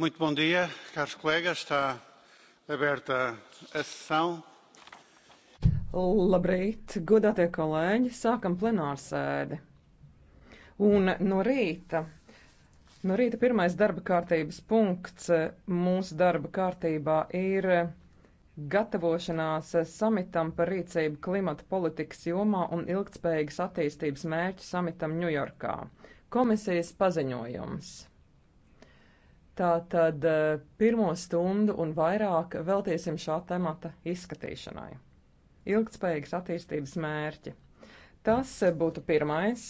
Muito bom dia, caros colegas. Está aberta a sessão. Labrīt, godātie kolēģi, sākam plenārsēdi. Un no rīta, no rīta pirmais darba kārtības punkts mūsu darba kārtībā ir gatavošanās samitam par rīcību klimata politikas jomā un ilgtspējīgas attīstības mērķu samitam Ņujorkā. Komisijas paziņojums. Tā tad eh, pirmo stundu un vairāk veltīsim šā temata izskatīšanai. Ilgtspējīgas attīstības mērķi. Tas eh, būtu pirmais.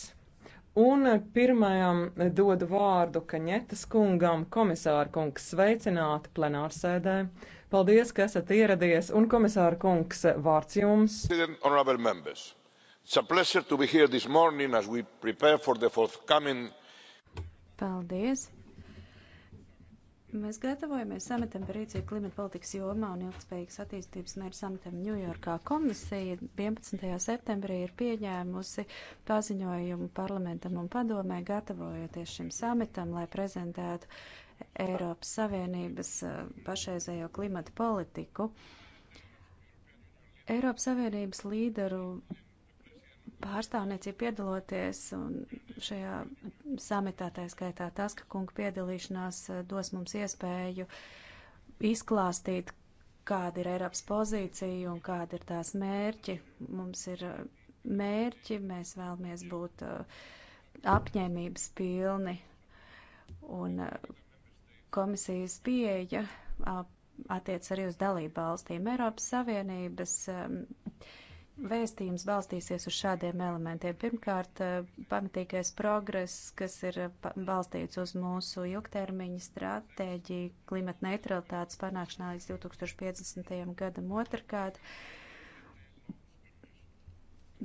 Un eh, pirmajam dodu vārdu Kaņetas kungam, komisāra kungs, sveicināti plenārsēdē. Paldies, ka esat ieradies, un komisāra kungs, vārds jums. Paldies, Mēs gatavojamies samitam par rīcību klimata politikas jomā un ilgspējīgas attīstības mērķu samitam Ņujorkā. Komisija 11. septembrī ir pieņēmusi paziņojumu parlamentam un padomē, gatavojoties šim samitam, lai prezentētu Eiropas Savienības eh, pašreizējo klimata politiku. Eiropas Savienības līderu pārstāvniecību piedaloties un šajā samitā, tā skaitā tas, ka kunga piedalīšanās eh, dos mums iespēju izklāstīt, kāda ir Eiropas pozīcija un kāda ir tās mērķi. Mums ir eh, mērķi, mēs vēlamies būt eh, apņēmības pilni un komisijas pieeja attiec arī uz dalību valstīm. Eiropas Savienības vēstījums balstīsies uz šādiem elementiem. Pirmkārt, eh, pamatīgais progress, kas ir eh, balstīts uz mūsu ilgtermiņa stratēģiju klimata neutralitātes panākšanā līdz 2050. gadam. Otrkārt,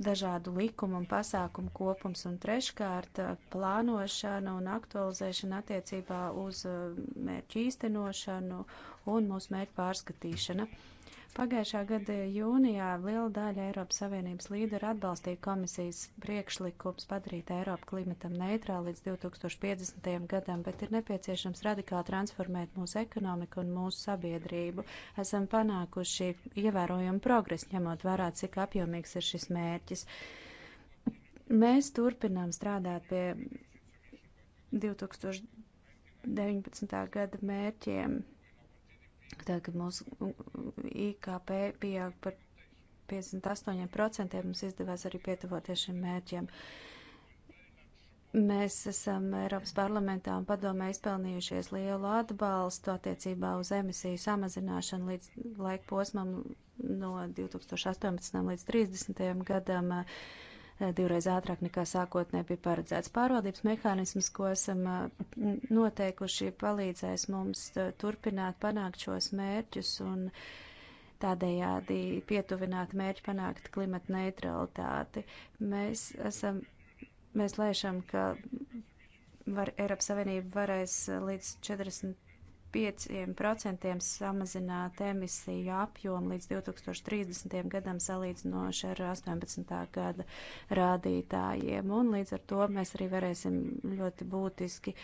dažādu likumu un pasākumu kopums un treškārt eh, plānošana un aktualizēšana attiecībā uz mērķu īstenošanu un mūsu mērķu pārskatīšana. Uh, Pagājušā gada jūnijā liela daļa Eiropas Savienības līderu atbalstīja komisijas priekšlikums padarīt Eiropu klimatam neitrālu līdz 2050. gadam, bet ir nepieciešams radikāli transformēt mūsu ekonomiku un mūsu sabiedrību. Esam panākuši ievērojumu progresu, ņemot vērā, cik apjomīgs ir šis mērķis. Mēs turpinām strādāt pie 2019. gada mērķiem Tad, kad mūsu IKP pieaug par 58%, mums izdevās arī pietuvoties šiem mērķiem. Mēs esam Eiropas parlamentā un padomē izpelnījušies lielu atbalstu attiecībā uz emisiju samazināšanu līdz laika posmam no 2018. līdz 30. gadam. Uh, Eh, divreiz ātrāk nekā sākotnē bija paredzēts. Pārvaldības mehānisms, ko esam eh, noteikuši, palīdzēs mums eh, turpināt panākt šos mērķus un tādējādi pietuvināt mērķi panākt klimata neutralitāti. Mēs esam, mēs lēšam, ka var, Eiropas Savienība varēs līdz 40 5% samazināt emisiju apjomu līdz 2030. gadam salīdzinoši ar 18. gada rādītājiem. Un līdz ar to mēs arī varēsim ļoti būtiski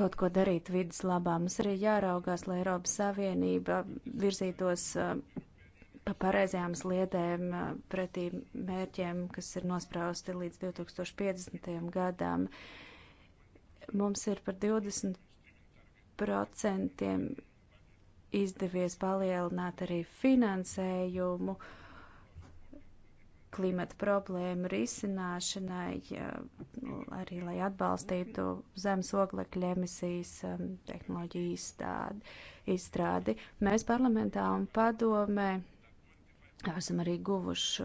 kaut ko darīt vidas labā. Mums arī jāraugās, lai Eiropas Savienība virzītos eh, pa pareizajām sliedēm eh, pretī mērķiem, kas ir nosprausti līdz 2050. gadam. Uh, mums ir par 20% izdevies palielināt arī finansējumu klimata problēmu risināšanai, nu, arī lai atbalstītu zemes oglekļa emisijas um, tehnoloģiju izstādi, izstrādi. Mēs parlamentā un padomē esam arī guvuši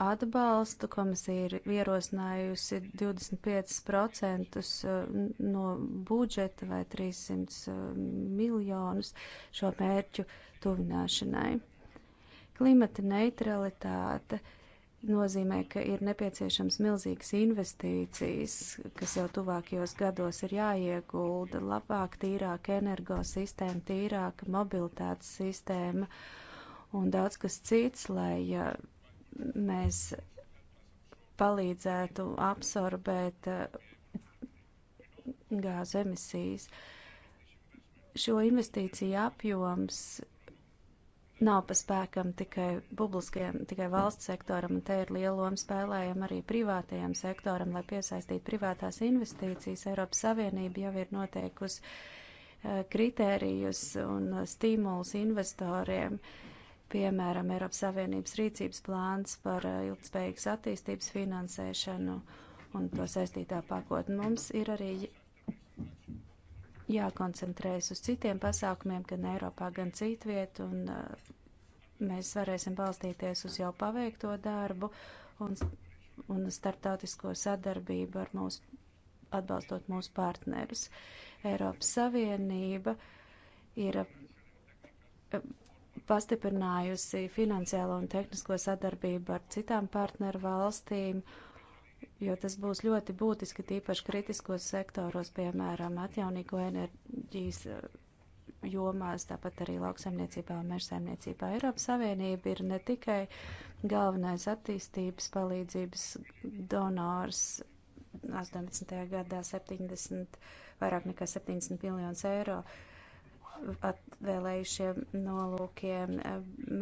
atbalstu. Komisija ir ierosinājusi 25% eh, no budžeta vai 300 eh, miljonus šo mērķu tuvināšanai. Klimata neutralitāte nozīmē, ka ir nepieciešams milzīgas investīcijas, kas jau tuvākajos gados ir jāiegulda, labāk, tīrāk energosistēma, tīrāka mobilitātes sistēma un daudz kas cits, lai eh, mēs palīdzētu absorbēt uh, gāzu emisijas. Šo investīciju apjoms nav pa spēkam tikai publiskajam, tikai valsts sektoram, un te ir liela loma spēlējama arī privātajam sektoram, lai piesaistītu privātās investīcijas. Eiropas Savienība jau ir noteikusi uh, kritērijus un uh, stimulus investoriem. Uh, piemēram, Eiropas Savienības rīcības plāns par eh, ilgspējīgas attīstības finansēšanu un to saistītā pakotne. Mums ir arī jākoncentrējas uz citiem pasākumiem, gan Eiropā, gan citviet, un eh, mēs varēsim balstīties uz jau paveikto darbu un, un starptautisko sadarbību ar mūsu, atbalstot mūsu partnerus. Eiropas Savienība ir eh, pastiprinājusi finansiālo un tehnisko sadarbību ar citām partneru valstīm, jo tas būs ļoti būtiski tīpaši kritiskos sektoros, piemēram, atjaunīgo enerģijas eh, jomās, tāpat arī lauksaimniecībā un mežsaimniecībā. Eiropas Savienība ir ne tikai galvenais attīstības palīdzības donors 18. gadā 70, vairāk nekā 70 miljonus eiro atvēlējušiem nolūkiem.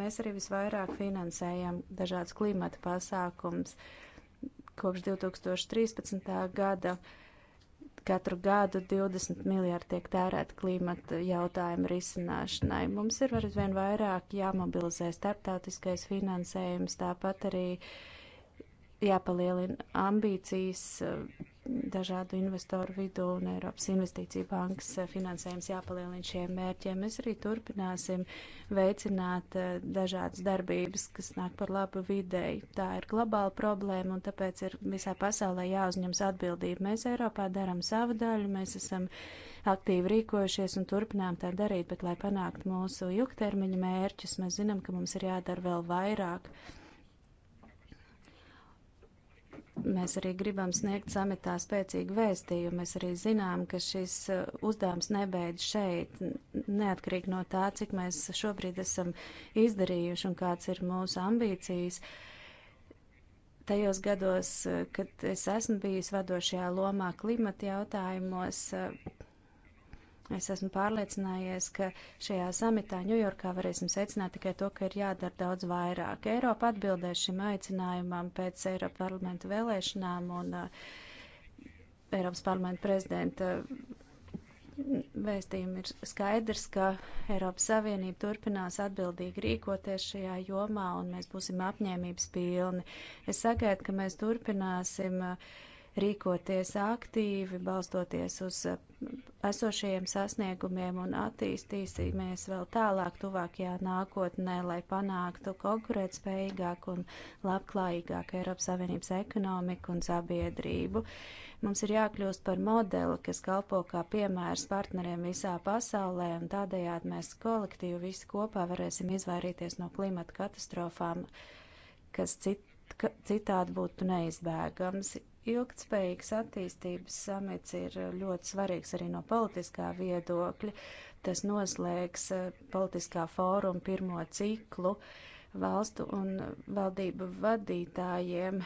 Mēs arī visvairāk finansējam dažādas klimata pasākums. Kopš 2013. gada katru gadu 20 miljārdi tiek tērēti klimata jautājumu risināšanai. Mums ir arvien vairāk jāmobilizē starptautiskais finansējums, tāpat arī jāpalielina ambīcijas dažādu investoru vidū un Eiropas investīcija bankas finansējums jāpalielina šiem mērķiem. Mēs arī turpināsim veicināt eh, dažādas darbības, kas nāk par labu videi. Tā ir globāla problēma un tāpēc ir visā pasaulē jāuzņems atbildība. Mēs Eiropā darām savu daļu, mēs esam aktīvi rīkojušies un turpinām tā darīt, bet lai panāktu mūsu ilgtermiņa mērķus, mēs zinām, ka mums ir jādara vēl vairāk. Mēs arī gribam sniegt samitā spēcīgu vēstījumu. Mēs arī zinām, ka šis uh, uzdevums nebeidz šeit, neatkarīgi no tā, cik mēs šobrīd esam izdarījuši un kāds ir mūsu ambīcijas. Tajos gados, uh, kad es esmu bijis vadošajā lomā klimata jautājumos, uh, Es esmu pārliecinājies, ka šajā samitā Ņujorkā varēsim secināt tikai to, ka ir jādara daudz vairāk. Eiropa atbildēs šim aicinājumam pēc Eiropa parlamenta vēlēšanām un uh, Eiropas parlamenta prezidenta uh, vēstījumi ir skaidrs, ka Eiropas Savienība turpinās atbildīgi rīkoties šajā jomā un mēs būsim apņēmības pilni. Es sagaidu, ka mēs turpināsim uh, rīkoties aktīvi, balstoties uz uh, esošajiem sasniegumiem un attīstīsimies vēl tālāk tuvākajā nākotnē, lai panāktu konkurētspējīgāku un labklājīgāku Eiropas Savienības ekonomiku un sabiedrību. Mums ir jākļūst par modeli, kas kalpo kā piemērs partneriem visā pasaulē, un tādējādi mēs kolektīvi visi kopā varēsim izvairīties no klimata katastrofām, kas cit, citādi būtu neizbēgams. Ilgtspējīgas attīstības samits ir eh, ļoti svarīgs arī no politiskā viedokļa. Tas noslēgs eh, politiskā fóruma pirmo ciklu valstu un valdību vadītājiem.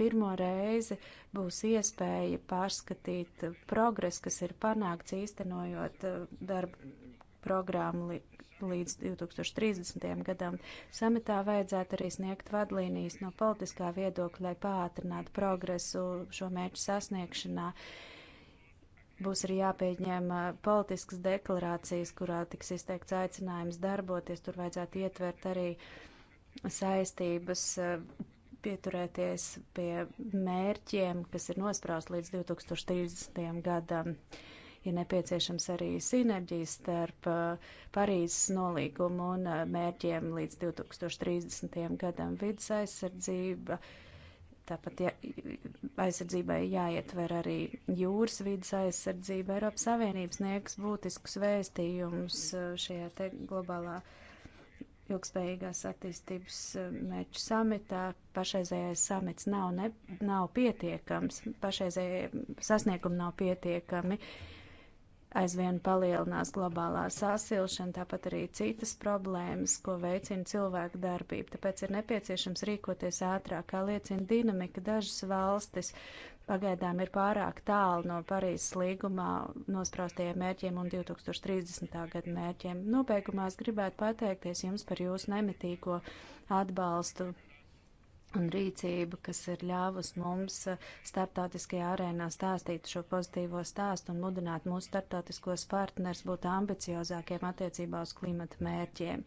Pirmo reizi būs iespēja pārskatīt progresu, kas ir panākts īstenojot eh, darba programmu līdz 2030. gadam. Samitā vajadzētu arī sniegt vadlīnijas no politiskā viedokļa, lai pātrinātu progresu šo mērķu sasniegšanā. Būs arī jāpieņem uh, politiskas deklarācijas, kurā tiks izteikts aicinājums darboties. Tur vajadzētu ietvert arī saistības uh, pieturēties pie mērķiem, kas ir nospraust līdz 2030. gadam. Ir nepieciešams arī sinerģijas starp uh, Parīzes nolīgumu un uh, mērķiem līdz 2030. gadam vidas aizsardzība. Tāpat ja, aizsardzībai jāietver arī jūras vidas aizsardzība. Eiropas Savienības sniegs būtiskus vēstījumus uh, šajā te globālā ilgspējīgās attīstības mērķu samitā. Pašreizējais samits nav, ne, nav pietiekams, pašreizējie sasniegumi nav pietiekami. Uh, aizvien palielinās globālā sasilšana, tāpat arī citas problēmas, ko veicina cilvēku darbība. Tāpēc ir nepieciešams rīkoties ātrāk, kā liecina dinamika dažas valstis. Pagaidām ir pārāk tālu no Parīzes līgumā nospraustajiem mērķiem un 2030. gada mērķiem. Nobeigumā es gribētu pateikties jums par jūsu nemitīgo atbalstu un rīcība, kas ir ļāvus mums eh, starptautiskajā arēnā stāstīt šo pozitīvo stāstu un mudināt mūsu starptautiskos partners būt ambiciozākiem attiecībā uz klimata mērķiem.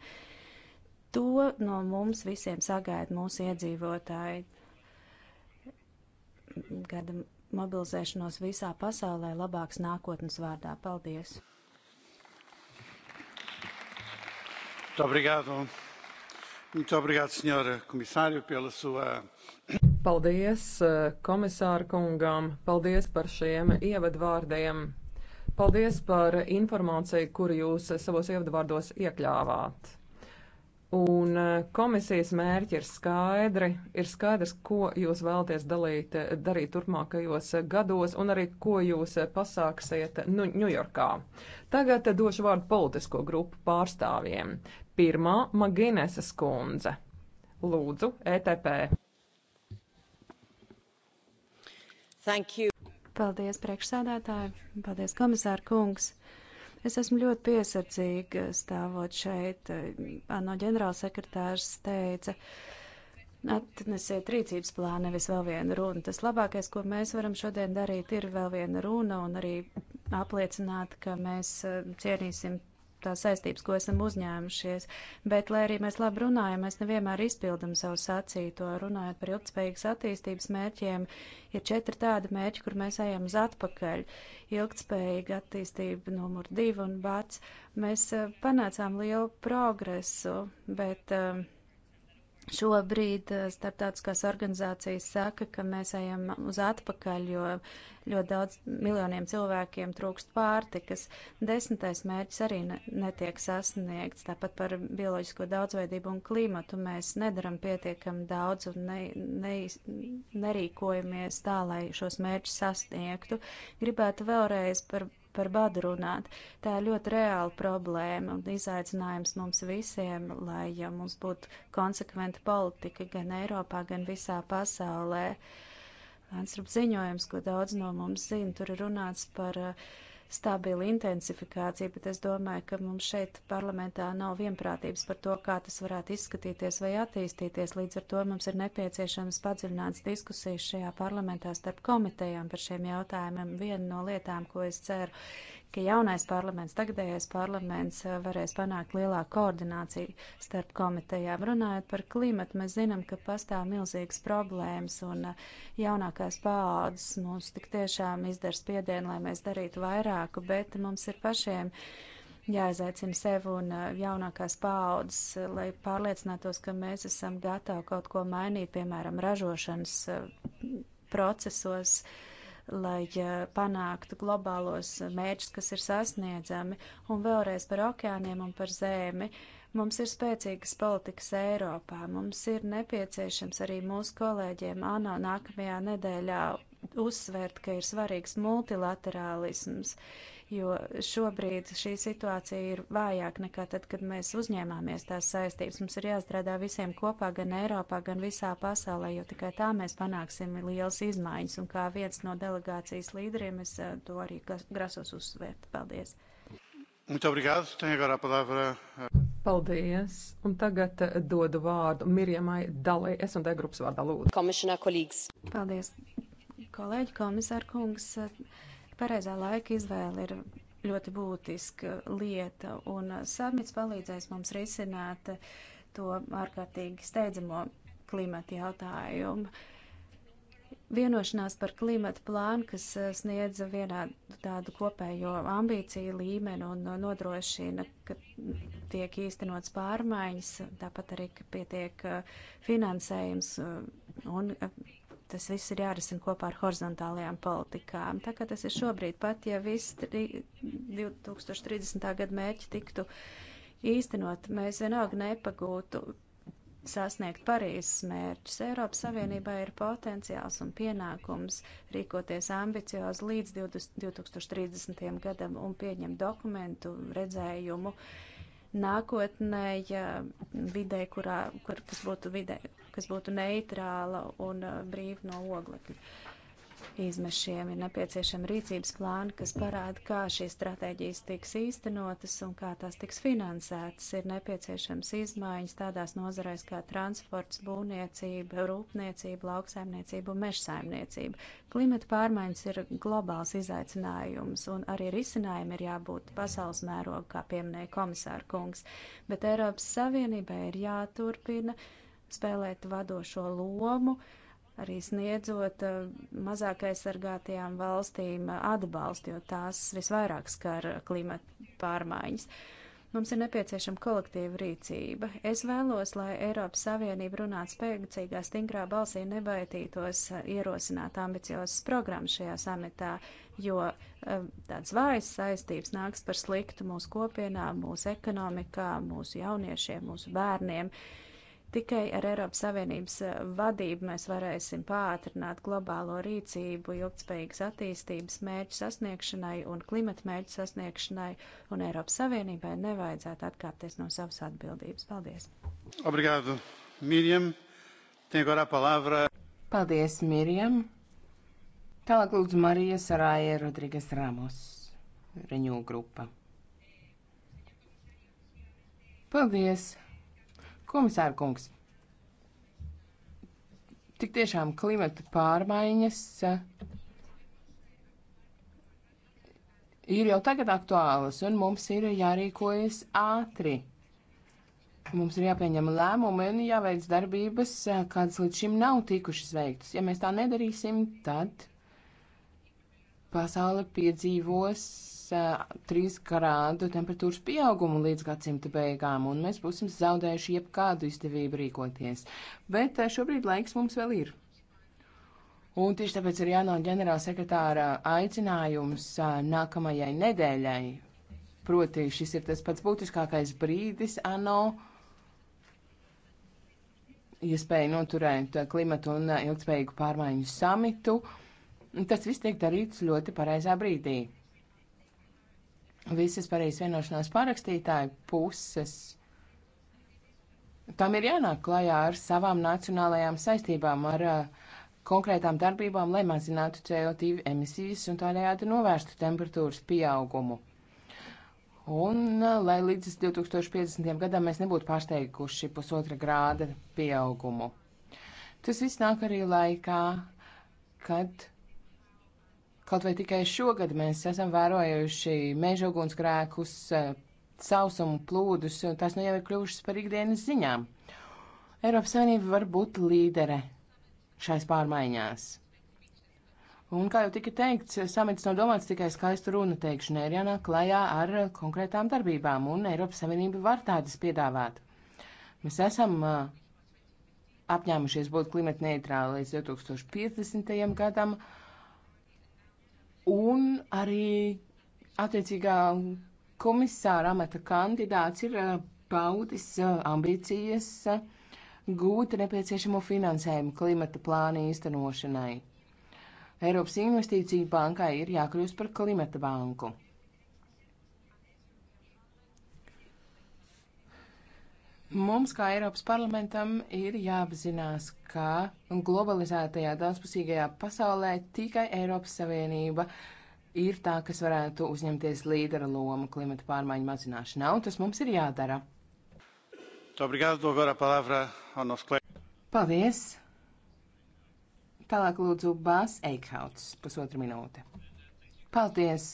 To no mums visiem sagaida mūsu iedzīvotāji. Gada mobilizēšanos visā pasaulē labāks nākotnes vārdā. Paldies! Obrigado. Paldies eh, komisāra kungam, paldies par šiem ievadvārdiem, paldies par informāciju, kuru jūs savos ievadvārdos iekļāvāt. Un eh, komisijas mērķi ir skaidri, ir skaidrs, ko jūs vēlaties dalīt, darīt turpmākajos gados un arī ko jūs pasāksiet nu, Ņujorkā. Tagad došu vārdu politisko grupu pārstāvjiem. Pirmā Maginesas kundze. Lūdzu, ETP. Thank you. Paldies, priekšsēdētāji. Paldies, komisāra kungs. Es esmu ļoti piesardzīga stāvot šeit. ANO ģenerālsekretārs teica, atnesiet rīcības plānu, nevis vēl vienu runu. Tas labākais, ko mēs varam šodien darīt, ir vēl viena runa un arī apliecināt, ka mēs cienīsim tās saistības, ko esam uzņēmušies. Bet, lai arī mēs labi runājam, mēs nevienmēr izpildam savu sacīto. Runājot par ilgspējīgas attīstības mērķiem, ir četri tādi mērķi, kur mēs ejam uz atpakaļ. Ilgspējīga attīstība numur divi un bats. Mēs eh, panācām lielu progresu, bet. Uh, Šobrīd eh, starptautiskās organizācijas saka, ka mēs ejam uz atpakaļ, jo ļoti daudz miljoniem cilvēkiem trūkst pārtikas. Desmitais mērķis arī ne, netiek sasniegts. Tāpat par bioloģisko daudzveidību un klimatu mēs nedaram pietiekam daudz un ne, ne, nerīkojamies tā, lai šos mērķus sasniegtu. Gribētu vēlreiz par par badu runāt. Tā ir ļoti reāla problēma un izaicinājums mums visiem, lai ja mums būtu konsekventa politika gan Eiropā, gan visā pasaulē. Lansrup ziņojums, ko daudz no mums zina, tur ir runāts par uh, stabila intensifikācija, bet es domāju, ka mums šeit parlamentā nav vienprātības par to, kā tas varētu izskatīties vai attīstīties. Līdz ar to mums ir nepieciešams padziļināts diskusijas šajā parlamentā starp komitejām par šiem jautājumiem. Viena no lietām, ko es ceru, ka jaunais parlaments, tagadējais parlaments eh, varēs panākt lielāku koordināciju starp komitejām. Runājot par klimatu, mēs zinām, ka pastāv milzīgas problēmas un eh, jaunākās paaudzes mums tik tiešām izdara spiedienu, lai mēs darītu vairāku, bet mums ir pašiem jāizaicina sev un eh, jaunākās paaudzes, lai pārliecinātos, ka mēs esam gatavi kaut ko mainīt, piemēram, ražošanas procesos. Uh, lai panāktu globālos mērķus, kas ir sasniedzami, un vēlreiz par okeāniem un par zemi. Mums ir spēcīgas politikas Eiropā, mums ir nepieciešams arī mūsu kolēģiem ANO nākamajā nedēļā uzsvērt, ka ir svarīgs multilaterālisms. Uh, jo šobrīd šī situācija ir vājāka nekā tad, kad mēs uzņēmāmies tās saistības. Mums ir jāstrādā visiem kopā, gan Eiropā, gan visā pasaulē, jo tikai tā mēs panāksim liels izmaiņas. Un kā viens no delegācijas līderiem es eh, to arī grasos uzsvērt. Paldies! Muito obrigado. Tem agora a palavra. Eh, Paldies. Un tagad eh, dodu vārdu Mirjamai Dalai, S&D grupas vārdā lūdzu. Komisionā kolīgs. Paldies. Kolēģi, komisār kungs, Pareizā laika izvēle ir ļoti būtiska lieta, un samits palīdzēs mums risināt to ārkārtīgi steidzamo klimata jautājumu. Vienošanās par klimata plānu, kas sniedza vienādu tādu kopējo ambīciju līmeni un nodrošina, ka tiek īstenots pārmaiņas, tāpat arī, ka pietiek uh, finansējums uh, un uh, Tas viss ir jārisina kopā ar horizontālajām politikām. Tā kā tas ir šobrīd, pat ja viss 2030. gada mērķi tiktu īstenot, mēs vienalga nepagūtu sasniegt Parīzes mērķus. Eiropas Savienībā ir potenciāls un pienākums rīkoties ambiciozi līdz 2030. gadam un pieņemt dokumentu redzējumu. Uh, nākotnē ja vidē, kurā, kur, kas būtu vidē, kas būtu neitrāla un eh, brīva no oglekļa izmešiem. Ir nepieciešami rīcības plāni, kas parāda, kā šīs stratēģijas tiks īstenotas un kā tās tiks finansētas. Ir nepieciešams izmaiņas tādās nozarēs kā transports, būvniecība, rūpniecība, lauksaimniecība un mežsaimniecība. Klimata pārmaiņas ir globāls izaicinājums un arī risinājumi ir jābūt pasaules mēroga, kā pieminēja komisāra kungs. Bet Eiropas Savienībai ir jāturpina spēlēt vadošo lomu. Uh, arī sniedzot eh, mazāk aizsargātajām valstīm eh, atbalstu, jo tās visvairāk skar klimata pārmaiņas. Mums ir nepieciešama kolektīva rīcība. Es vēlos, lai Eiropas Savienība runātu spēcīgā, stingrā balsī nebaitītos eh, ierosināt ambiciozas programmas šajā samitā, jo tāds vājas saistības nāks par sliktu mūsu kopienām, mūsu ekonomikā, mūsu jauniešiem, mūsu bērniem. Uh, Tikai ar Eiropas Savienības eh, vadību mēs varēsim pātrināt globālo rīcību ilgtspējīgas attīstības mērķu sasniegšanai un klimata mērķu sasniegšanai, un Eiropas Savienībai nevajadzētu atkāpties no savas atbildības. Paldies! Obrigado, Mirjam! Tem agora a palavra. Paldies, Mirjam! Tālāk lūdzu Marija Sarāja Rodrigas Ramos, Reņū grupa. Paldies! Komisāra kungs, tik tiešām klimata pārmaiņas eh, ir jau tagad aktuālas, un mums ir jārīkojas ātri. Mums ir jāpieņem lēmumi un jāveic darbības, eh, kādas līdz šim nav tikušas veiktas. Ja mēs tā nedarīsim, tad pasaule piedzīvos 3 eh, grādu temperatūras pieaugumu līdz gadsimta beigām, un mēs būsim zaudējuši jebkādu izdevību rīkoties. Bet eh, šobrīd laiks mums vēl ir. Un tieši tāpēc ir jāno ģenerāla sekretāra aicinājums eh, nākamajai nedēļai. Proti, šis ir tas pats būtiskākais brīdis, ANO iespēja noturēt klimatu un ilgspējīgu pārmaiņu samitu. Tas viss tiek darīts ļoti pareizā brīdī visas Parīzes vienošanās parakstītāju puses. Tam ir jānāk klajā ar savām nacionālajām saistībām, ar uh, konkrētām darbībām, lai mazinātu CO2 emisijas un tādējādi novērstu temperatūras pieaugumu. Un uh, lai līdz 2050. gadam mēs nebūtu pārsteiguši pusotra grāda pieaugumu. Tas viss nāk arī laikā, kad Kaut vai tikai šogad mēs esam vērojuši meža ugunsgrēkus, eh, sausumu plūdus, un tās nu jau ir kļuvušas par ikdienas ziņām. Eiropas Savienība var būt līdere šais pārmaiņās. Un, kā jau tika teikts, samits nav domāts tikai skaistu runu teikšanai, ir jānāk klajā ar konkrētām darbībām, un Eiropas Savienība var tādas piedāvāt. Mēs esam eh, apņēmušies būt klimatneitrāli līdz 2050. gadam un arī attiecīgā komisāra amata kandidāts ir eh, paudis eh, ambīcijas eh, gūt nepieciešamo finansējumu klimata plāna īstenošanai. Eiropas Investīcija bankai ir jākļūst par klimata banku. Mums, kā Eiropas parlamentam, ir jāapzinās, ka globalizētajā daudzpusīgajā pasaulē tikai Eiropas Savienība ir tā, kas varētu uzņemties līdera lomu klimata pārmaiņu mazināšanā, un tas mums ir jādara. Paldies! Tālāk lūdzu Bās Eikhauts, pusotra minūte. Paldies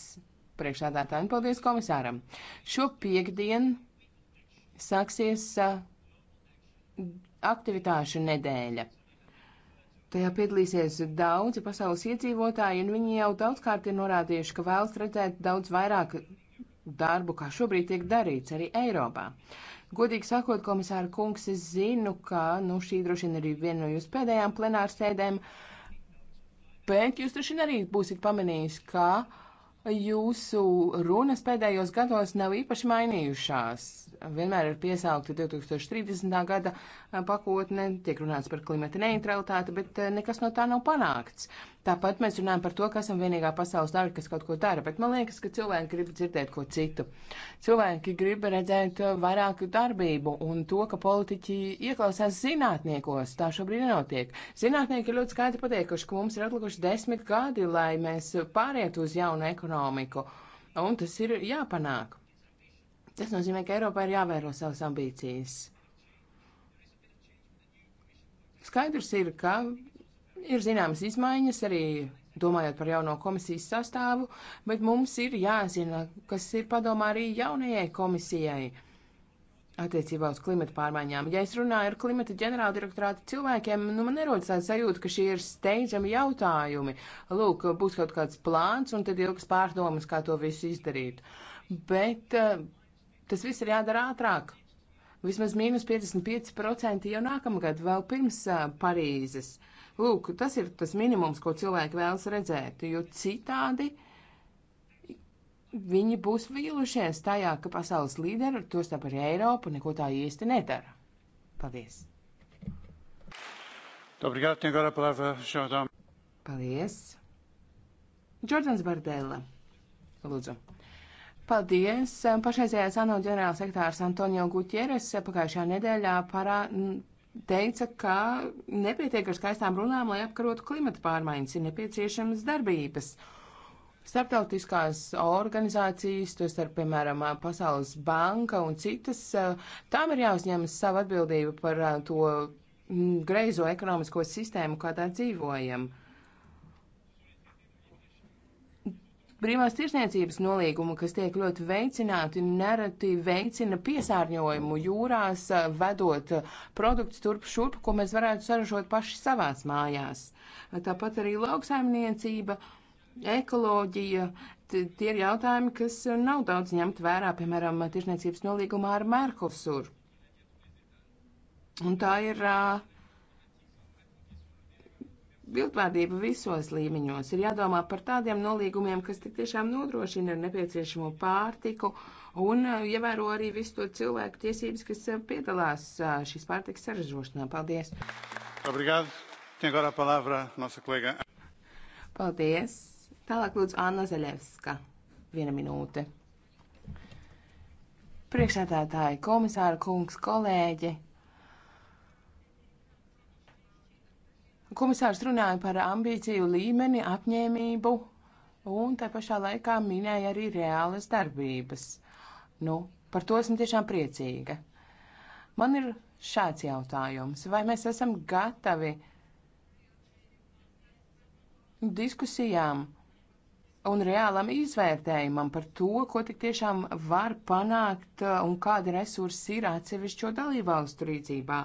priekšādātājiem, paldies komisāram. Šo piekdienu sāksies aktivitāšu nedēļa. Tajā piedalīsies daudzi pasaules iedzīvotāji, un viņi jau daudzkārt ir norādījuši, ka vēlas redzēt daudz vairāk darbu, kā šobrīd tiek darīts arī Eiropā. Godīgi sakot, komisāra kungs, es zinu, ka nu, šī droši vien ir viena no jūsu pēdējām plenārsēdēm, bet jūs droši vien arī būsiet pamanījis, ka jūsu runas pēdējos gados nav īpaši mainījušās vienmēr ir piesaukta 2030. gada eh, pakotne, tiek runāts par klimata neutralitāti, bet eh, nekas no tā nav panākts. Tāpat mēs runājam par to, ka esam vienīgā pasaules daļa, kas kaut ko dara, bet man liekas, ka cilvēki grib dzirdēt ko citu. Cilvēki grib redzēt eh, vairāk darbību un to, ka politiķi ieklausās zinātniekos. Tā šobrīd nenotiek. Zinātnieki ir ļoti skaidri pateikuši, ka mums ir atlikuši desmit gadi, lai mēs pārietu uz jaunu ekonomiku. Un tas ir jāpanāk. Tas nozīmē, ka Eiropā ir jāvēro savas ambīcijas. Skaidrs ir, ka ir zināmas izmaiņas arī domājot par jauno komisijas sastāvu, bet mums ir jāzina, kas ir padomā arī jaunajai komisijai attiecībā uz klimata pārmaiņām. Ja es runāju ar klimata ģenerāla direktorāta cilvēkiem, nu man nerodas tāda sajūta, ka šie ir steidzami jautājumi. Lūk, būs kaut kāds plāns un tad ilgas pārdomas, kā to visu izdarīt. Bet uh, Tas viss ir jādara ātrāk. Vismaz mīnus 55% jau nākamgad, vēl pirms uh, Parīzes. Lūk, tas ir tas minimums, ko cilvēki vēlas redzēt, jo citādi viņi būs vīlušies tajā, ka pasaules līderi, tos tā par Eiropu, neko tā īsti nedara. Paldies! Obrigado, agora a palavra, Jordan. Paldies. Jordans Bardella. Lūdzu. Paldies! Pašreizējais ANO ģenerālsekretārs Antonio Gutieres pagājušajā nedēļā parā teica, ka nepietiek ar skaistām runām, lai apkarotu klimata pārmaiņas, ir nepieciešamas darbības. Starptautiskās organizācijas, to starp, piemēram, Pasaules banka un citas, tām ir jāuzņemas savu atbildību par to greizo ekonomisko sistēmu, kādā dzīvojam. Uh, Brīvās tirsniecības nolīgumu, kas tiek ļoti veicināti, nereti veicina piesārņojumu jūrās, eh, vedot eh, produktus turp šurp, ko mēs varētu saražot paši savās mājās. Tāpat arī lauksaimniecība, ekoloģija, tie ir jautājumi, kas nav daudz ņemt vērā, piemēram, tirsniecības nolīgumā ar Merkosuru. Un tā ir uh, Viltvārdība visos līmeņos ir jādomā par tādiem nolīgumiem, kas tik tiešām nodrošina nepieciešamo pārtiku un uh, ievēro arī visu to cilvēku tiesības, kas uh, piedalās uh, šīs pārtikas saražošanā. Paldies! Obrigado. Tem agora a palavra nossa colega. Paldies! Tālāk lūdzu Anna Zaļevska. Viena minūte. Priekšsētātāji, komisāra kungs, kolēģi. Komisārs runāja par ambīciju līmeni, apņēmību un tā pašā laikā minēja arī reālas darbības. Nu, par to esmu tiešām priecīga. Man ir šāds jautājums. Vai mēs esam gatavi diskusijām? un reālam izvērtējumam par to, ko tik tiešām var panākt uh, un kādi resursi ir atsevišķo dalībvalstu rīcībā,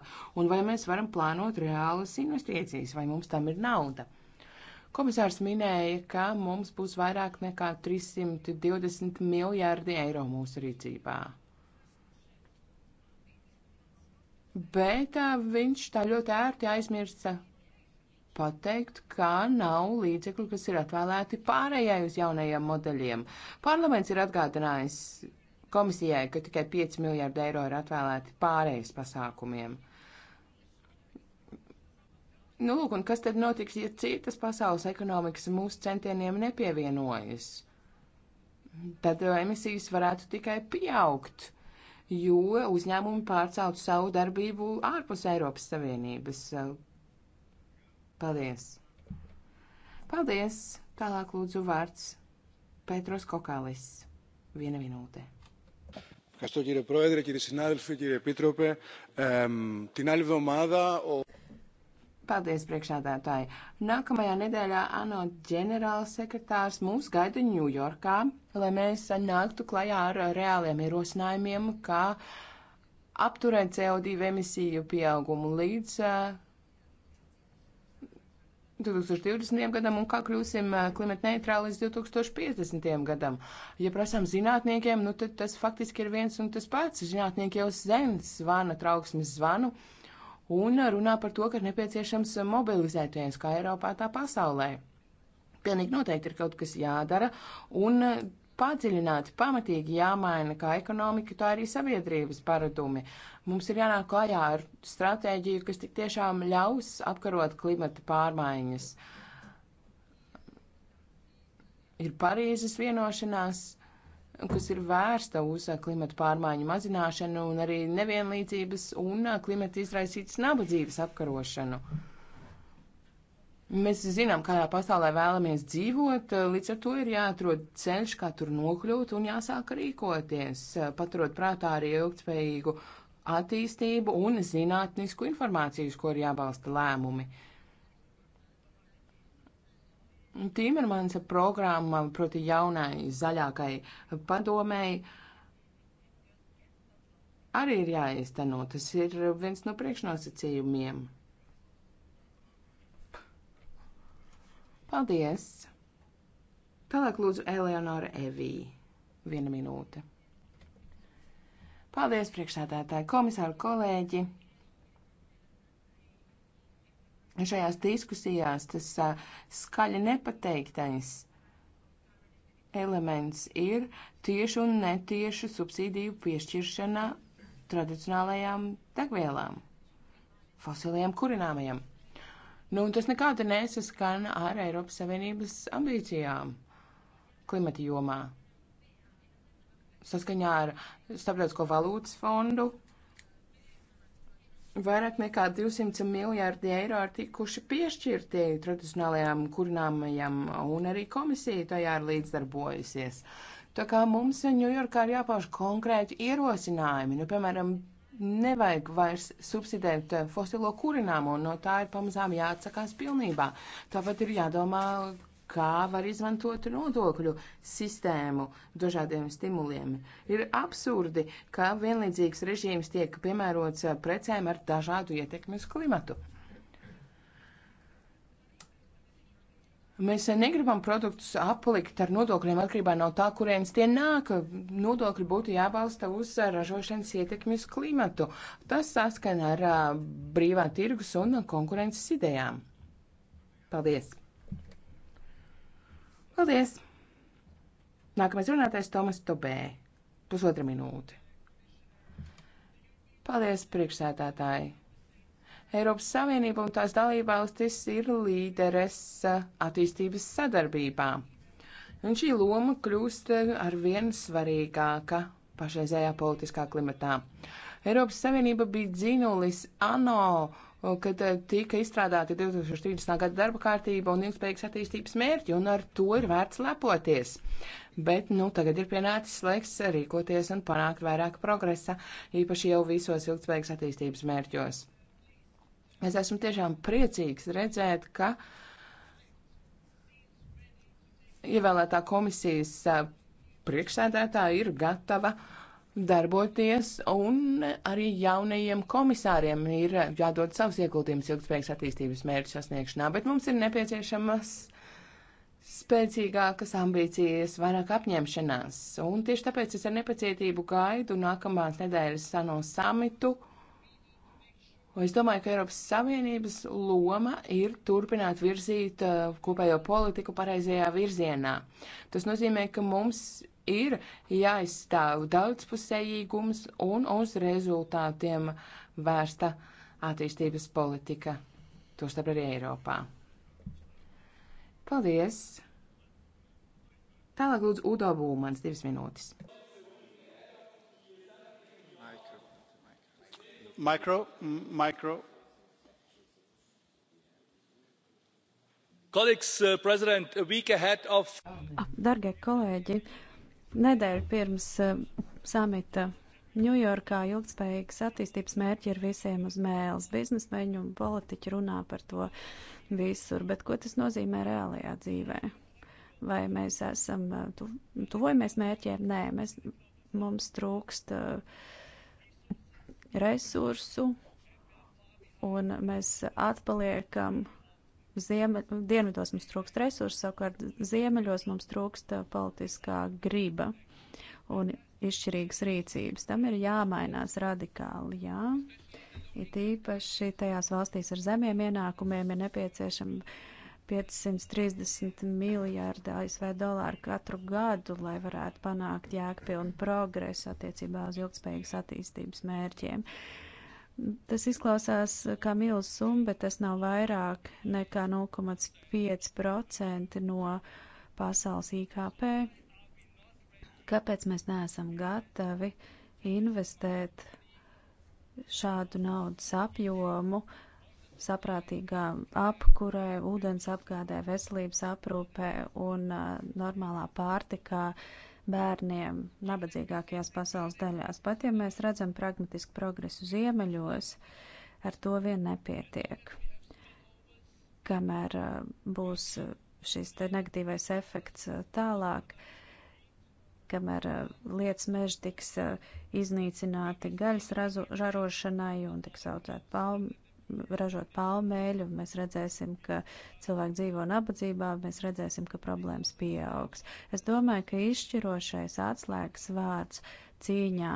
un vai mēs varam plānot reālas investīcijas, vai mums tam ir nauda. Komisārs minēja, ka mums būs vairāk nekā 320 miljārdi eiro mūsu rīcībā. Bet uh, viņš tā ļoti ērti aizmirsta pateikt, ka nav līdzekļu, kas ir atvēlēti pārējai uz jaunajiem modeļiem. Parlaments ir atgādinājis komisijai, ka tikai 5 miljārdi eiro ir atvēlēti pārējais pasākumiem. Nu, lūk, un kas tad notiks, ja citas pasaules ekonomikas mūsu centieniem nepievienojas? Tad emisijas varētu tikai pieaugt, jo uzņēmumi pārceltu savu darbību ārpus Eiropas Savienības. Paldies! Paldies! Tālāk lūdzu vārds Pētros Kokālis. Viena minūte. Ευχαριστώ κύριε Πρόεδρε, κύριε συνάδελφοι, κύριε Επίτροπε. Ε, την άλλη εβδομάδα... Ο... Paldies, priekšādātāji. Nākamajā nedēļā ANO ģenerālsekretārs mūs gaida Ņujorkā, lai mēs nāktu klajā ar reāliem ierosinājumiem, kā apturēt CO2 emisiju pieaugumu līdz uh, 2020. gadam un kā kļūsim eh, klimata neitrāli līdz 2050. gadam. Ja prasām zinātniekiem, nu tad tas faktiski ir viens un tas pats. Zinātnieki jau sen zvana trauksmes zvanu un runā par to, ka ir nepieciešams mobilizēties kā Eiropā, tā pasaulē. Pilnīgi noteikti ir kaut kas jādara, un padziļināti, pamatīgi jāmaina kā ekonomika, tā arī sabiedrības paradumi. Mums ir jānāk klajā ar stratēģiju, kas tik tiešām ļaus apkarot klimata pārmaiņas. Ir Parīzes vienošanās, kas ir vērsta uz klimata pārmaiņu mazināšanu un arī nevienlīdzības un klimata izraisītas nabadzības apkarošanu. Mēs zinām, kādā pasaulē vēlamies dzīvot, līdz ar to ir jāatrod ceļš, kā tur nokļūt un jāsāk rīkoties, paturot prātā arī ilgtspējīgu attīstību un zinātnisku informāciju, uz ko ir jābalsta lēmumi. Timermans programma, proti jaunai zaļākai padomēji, arī ir jāizteno. Tas ir viens no priekšnosacījumiem. Paldies! Tālāk lūdzu Eleonora Evī. Viena minūte. Paldies, priekšsēdētāji, komisāri, kolēģi! Šajās diskusijās tas skaļi nepateiktais elements ir tieši un netieši subsīdiju piešķiršana tradicionālajām degvielām, fosiliem kurināmajam. Nu, un tas nekādi nesaskana ar Eiropas Savienības ambīcijām klimata jomā. Saskaņā ar Starptautisko valūtas fondu vairāk nekā 200 miljārdi eiro ir tikuši piešķirti tradicionālajām kurināmajām, un arī komisija tajā ir līdzdarbojusies. Tā kā mums Ņujorkā ir jāpauž konkrēti ierosinājumi, nu, piemēram, Nevajag vairs subsidēt eh, fosilo kurināmo, no tā ir pamazām jāatsakās pilnībā. Tāpat ir jādomā, kā var izmantot nodokļu sistēmu dažādiem stimuliem. Ir absurdi, ka vienlīdzīgs režīms tiek piemērots eh, precēm ar dažādu ietekmi uz klimatu. Mēs negribam produktus aplikt ar nodokļiem atkarībā no tā, kurienes tie nāk. Nodokļi būtu jābalsta uz ražošanas ietekmi uz klimatu. Tas saskana ar brīvā tirgus un konkurences idejām. Paldies! Paldies! Nākamais runātais Tomas Tobē. Pusotra minūte. Paldies, priekšsētātāji! Eiropas Savienība un tās dalībvalstis ir līderes attīstības sadarbībā. Un šī loma kļūst arvien svarīgāka pašreizējā politiskā klimatā. Eiropas Savienība bija dzinulis ANO, kad tika izstrādāti 2030. gada darba kārtība un ilgspējīgas attīstības mērķi, un ar to ir vērts lepoties. Bet, nu, tagad ir pienācis laiks rīkoties un panākt vairāk progresa, īpaši jau visos ilgspējīgas attīstības mērķos. Es esmu tiešām priecīgs redzēt, ka ievēlētā komisijas priekšsēdētāja ir gatava darboties, un arī jaunajiem komisāriem ir jādod savs ieguldījums ilgspējīgas attīstības mērķu sasniegšanā, bet mums ir nepieciešamas spēcīgākas ambīcijas, vairāk apņemšanās, un tieši tāpēc es ar nepacietību gaidu nākamās nedēļas sano samitu Es domāju, ka Eiropas Savienības loma ir turpināt virzīt uh, kopējo politiku pareizajā virzienā. Tas nozīmē, ka mums ir jāizstāv daudzpusējīgums un uz rezultātiem vērsta attīstības politika, tostarp arī Eiropā. Paldies! Tālāk lūdzu Udo Būmans, divas minūtes. Micro, micro. Uh, of... Ah, dargie kolēģi, nedēļa pirms uh, samita Ņujorkā ilgspējīgas attīstības mērķi ir visiem uz mēles. Biznesmeņi un politiķi runā par to visur, bet ko tas nozīmē reālajā dzīvē? Vai mēs esam, uh, tu, tuvojamies mērķiem? Nē, mēs, mums trūkst. Uh, resursu, un mēs atpaliekam. Zieme, dienvidos mums trūkst resursu, savukārt ziemeļos mums trūkst politiskā griba un izšķirīgas rīcības. Tam ir jāmainās radikāli, jā. It īpaši tajās valstīs ar zemiem ienākumiem ir nepieciešama 530 miljārdi ASV dolāru katru gadu, lai varētu panākt jēgpilnu progresu attiecībā uz ilgspējīgas attīstības mērķiem. Tas izklausās kā milz summa, bet tas nav vairāk nekā 0,5% no pasaules IKP. Kāpēc mēs neesam gatavi investēt šādu naudas apjomu uh, saprātīgā apkurē, ūdens apgādē, veselības aprūpē un normālā pārtikā bērniem nabadzīgākajās pasaules daļās. Pat ja mēs redzam pragmatisku progresu ziemeļos, ar to vien nepietiek. Kamēr būs šis te negatīvais efekts tālāk, kamēr lietas meži tiks iznīcināti gaļas ražošanai un tiks audzēt palmu ražot palmēļu, mēs redzēsim, ka cilvēki dzīvo nabadzībā, mēs redzēsim, ka problēmas pieaugs. Es domāju, ka izšķirošais atslēgas vārds cīņā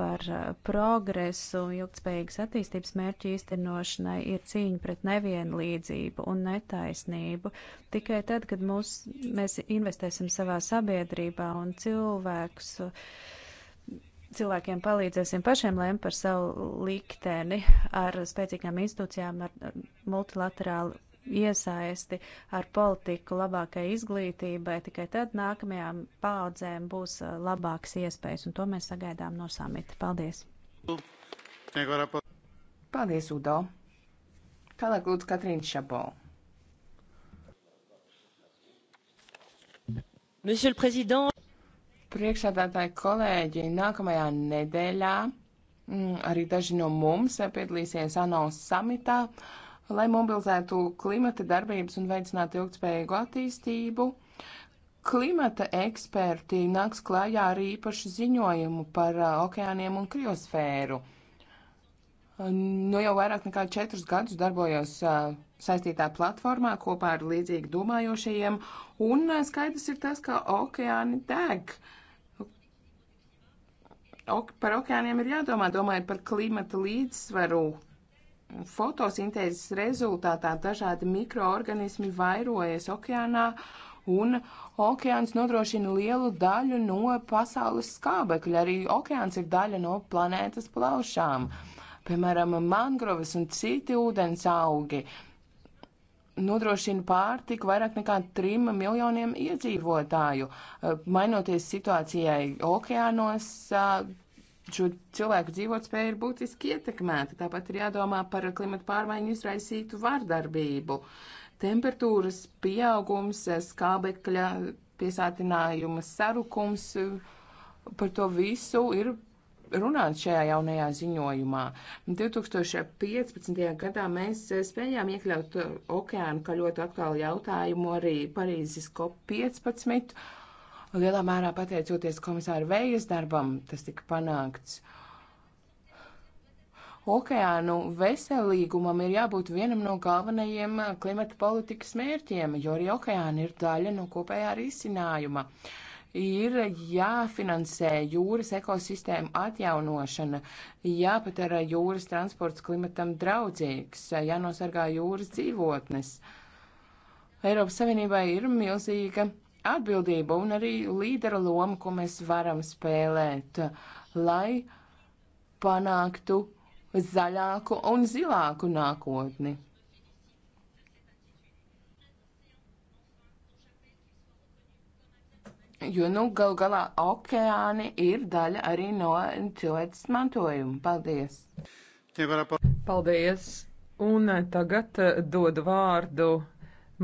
par uh, progresu un ilgtspējīgas attīstības mērķu īstenošanai ir cīņa pret nevienlīdzību un netaisnību. Tikai tad, kad mūs, mēs investēsim savā sabiedrībā un cilvēkus, uh, cilvēkiem palīdzēsim pašiem lēmt par savu likteni ar spēcīgām institūcijām, ar multilaterālu iesaisti, ar politiku labākai izglītībai. Tikai tad nākamajām paudzēm būs labāks iespējas, un to mēs sagaidām no samita. Paldies! Paldies, Udo! Tālāk lūdzu Katrīna Šabo. Monsieur le Président, Priekšsādātāji kolēģi, nākamajā nedēļā mm, arī daži no mums piedalīsies ANO samitā, lai mobilizētu klimata darbības un veicinātu ilgtspējīgu attīstību. Klimata eksperti nāks klājā ar īpašu ziņojumu par uh, okeāniem un kriosfēru. Nu, jau vairāk nekā četrus gadus darbojos uh, saistītā platformā kopā ar līdzīgi domājošajiem, un uh, skaidrs ir tas, ka okeāni deg. Uh, ok, par okeāniem ir jādomā, domājot par klimata līdzsvaru. Fotosintēzes rezultātā dažādi mikroorganismi vairojas okeānā, un okeāns nodrošina lielu daļu no pasaules skābekļa. Arī okeāns ir daļa no planētas plaušām. Piemēram, mangroves un citi ūdens augi nodrošina pārtiku vairāk nekā 3 miljoniem iedzīvotāju. Eh, mainoties situācijai okeānos, šo cilvēku dzīvotspēja ir būtiski ietekmēta. Tāpat ir jādomā par klimatu pārmaiņu izraisītu vardarbību. Temperatūras pieaugums, skābekļa piesātinājuma sarukums, par to visu ir runāt šajā jaunajā ziņojumā. 2015. gadā mēs eh, spējām iekļaut eh, okeānu kā ļoti aktuālu jautājumu arī Parīzes COP15. Lielā mērā pateicoties komisāra Vējas darbam, tas tika panākts. Okeānu veselīgumam ir jābūt vienam no galvenajiem eh, klimata politikas mērķiem, jo arī okeāni ir daļa no kopējā risinājuma. Uh, ir jāfinansē jūras ekosistēma atjaunošana, jāpatara jūras transports klimatam draudzīgs, jānosargā jūras dzīvotnes. Eiropas Savienībai ir milzīga atbildība un arī līdera loma, ko mēs varam spēlēt, lai panāktu zaļāku un zilāku nākotni. Jo, nu, gal galā okeāni ir daļa arī no cilvēces mantojuma. Paldies! Paldies! Un eh, tagad eh, dodu vārdu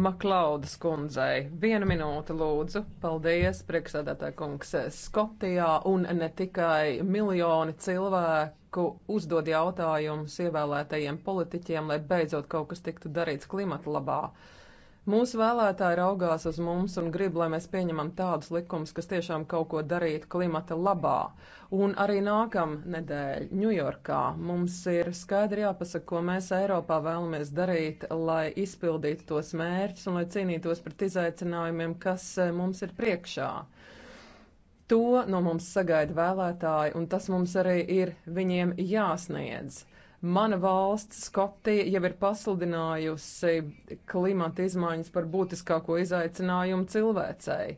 Maklaudas kundzei. Vienu minūti lūdzu. Paldies, priekšsēdētāja kungs. Eh, Skotijā un ne tikai miljoni cilvēku uzdod jautājumus ievēlētajiem politiķiem, lai beidzot kaut kas tiktu darīts klimata labā. Uh, Mūsu vēlētāji raugās uz mums un grib, lai mēs pieņemam tādus likumus, kas tiešām kaut ko darītu klimata labā. Un arī nākamā nedēļa Ņujorkā mums ir skaidri jāpasaka, ko mēs Eiropā vēlamies darīt, lai izpildītu tos mērķus un lai cīnītos pret izaicinājumiem, kas eh, mums ir priekšā. To no mums sagaida vēlētāji, un tas mums arī ir viņiem jāsniedz. Mana valsts, Skotija, jau ir pasludinājusi klimata izmaiņas par būtiskāko izaicinājumu cilvēcei.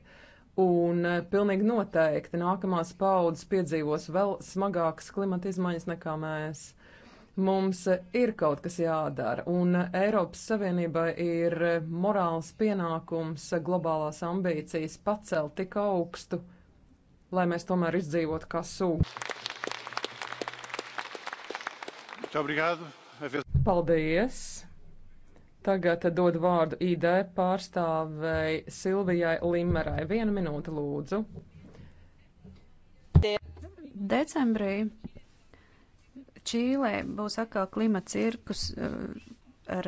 Un eh, pilnīgi noteikti nākamās paudzes piedzīvos vēl smagākas klimata izmaiņas nekā mēs. Mums ir kaut kas jādara, un eh, Eiropas Savienībai ir eh, morāls pienākums globālās ambīcijas pacelt tik augstu, lai mēs tomēr izdzīvotu kā sūkļi. Paldies! Tagad dod vārdu ID pārstāvei Silvijai Limerai. Vienu minūti lūdzu. Decembrī Čīlē būs atkal klimata cirkus eh, ar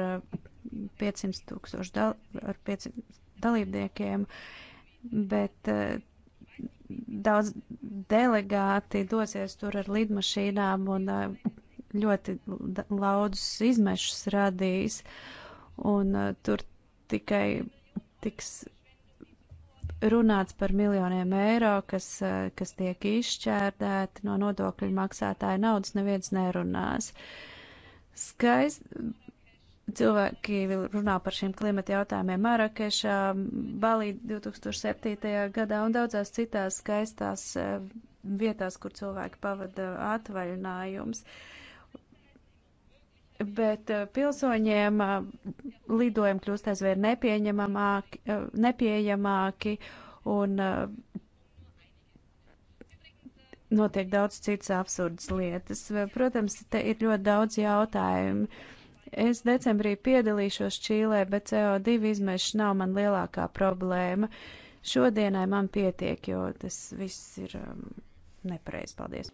500 eh, tūkstošu dal ar 500 dalībniekiem, bet eh, daudz delegāti dosies tur ar lidmašīnām un ļoti daudzus izmešus radīs, un uh, tur tikai tiks runāts par miljoniem eiro, kas, uh, kas tiek izšķērdēti no nodokļu maksātāja naudas, neviens nerunās. Skaist, cilvēki runā par šiem klimata jautājumiem Marakešā, Balī 2007. gadā un daudzās citās skaistās uh, vietās, kur cilvēki pavada atvaļinājums. Uh, bet eh, pilsoņiem eh, lidojumi kļūst aizvien nepieņemamāki, eh, nepieejamāki un notiek daudz citas absurdas lietas. Protams, te ir ļoti daudz jautājumu. Es decembrī piedalīšos Čīlē, bet CO2 izmeša nav man lielākā problēma. Šodienai man pietiek, jo tas viss ir um, nepareizi. Paldies!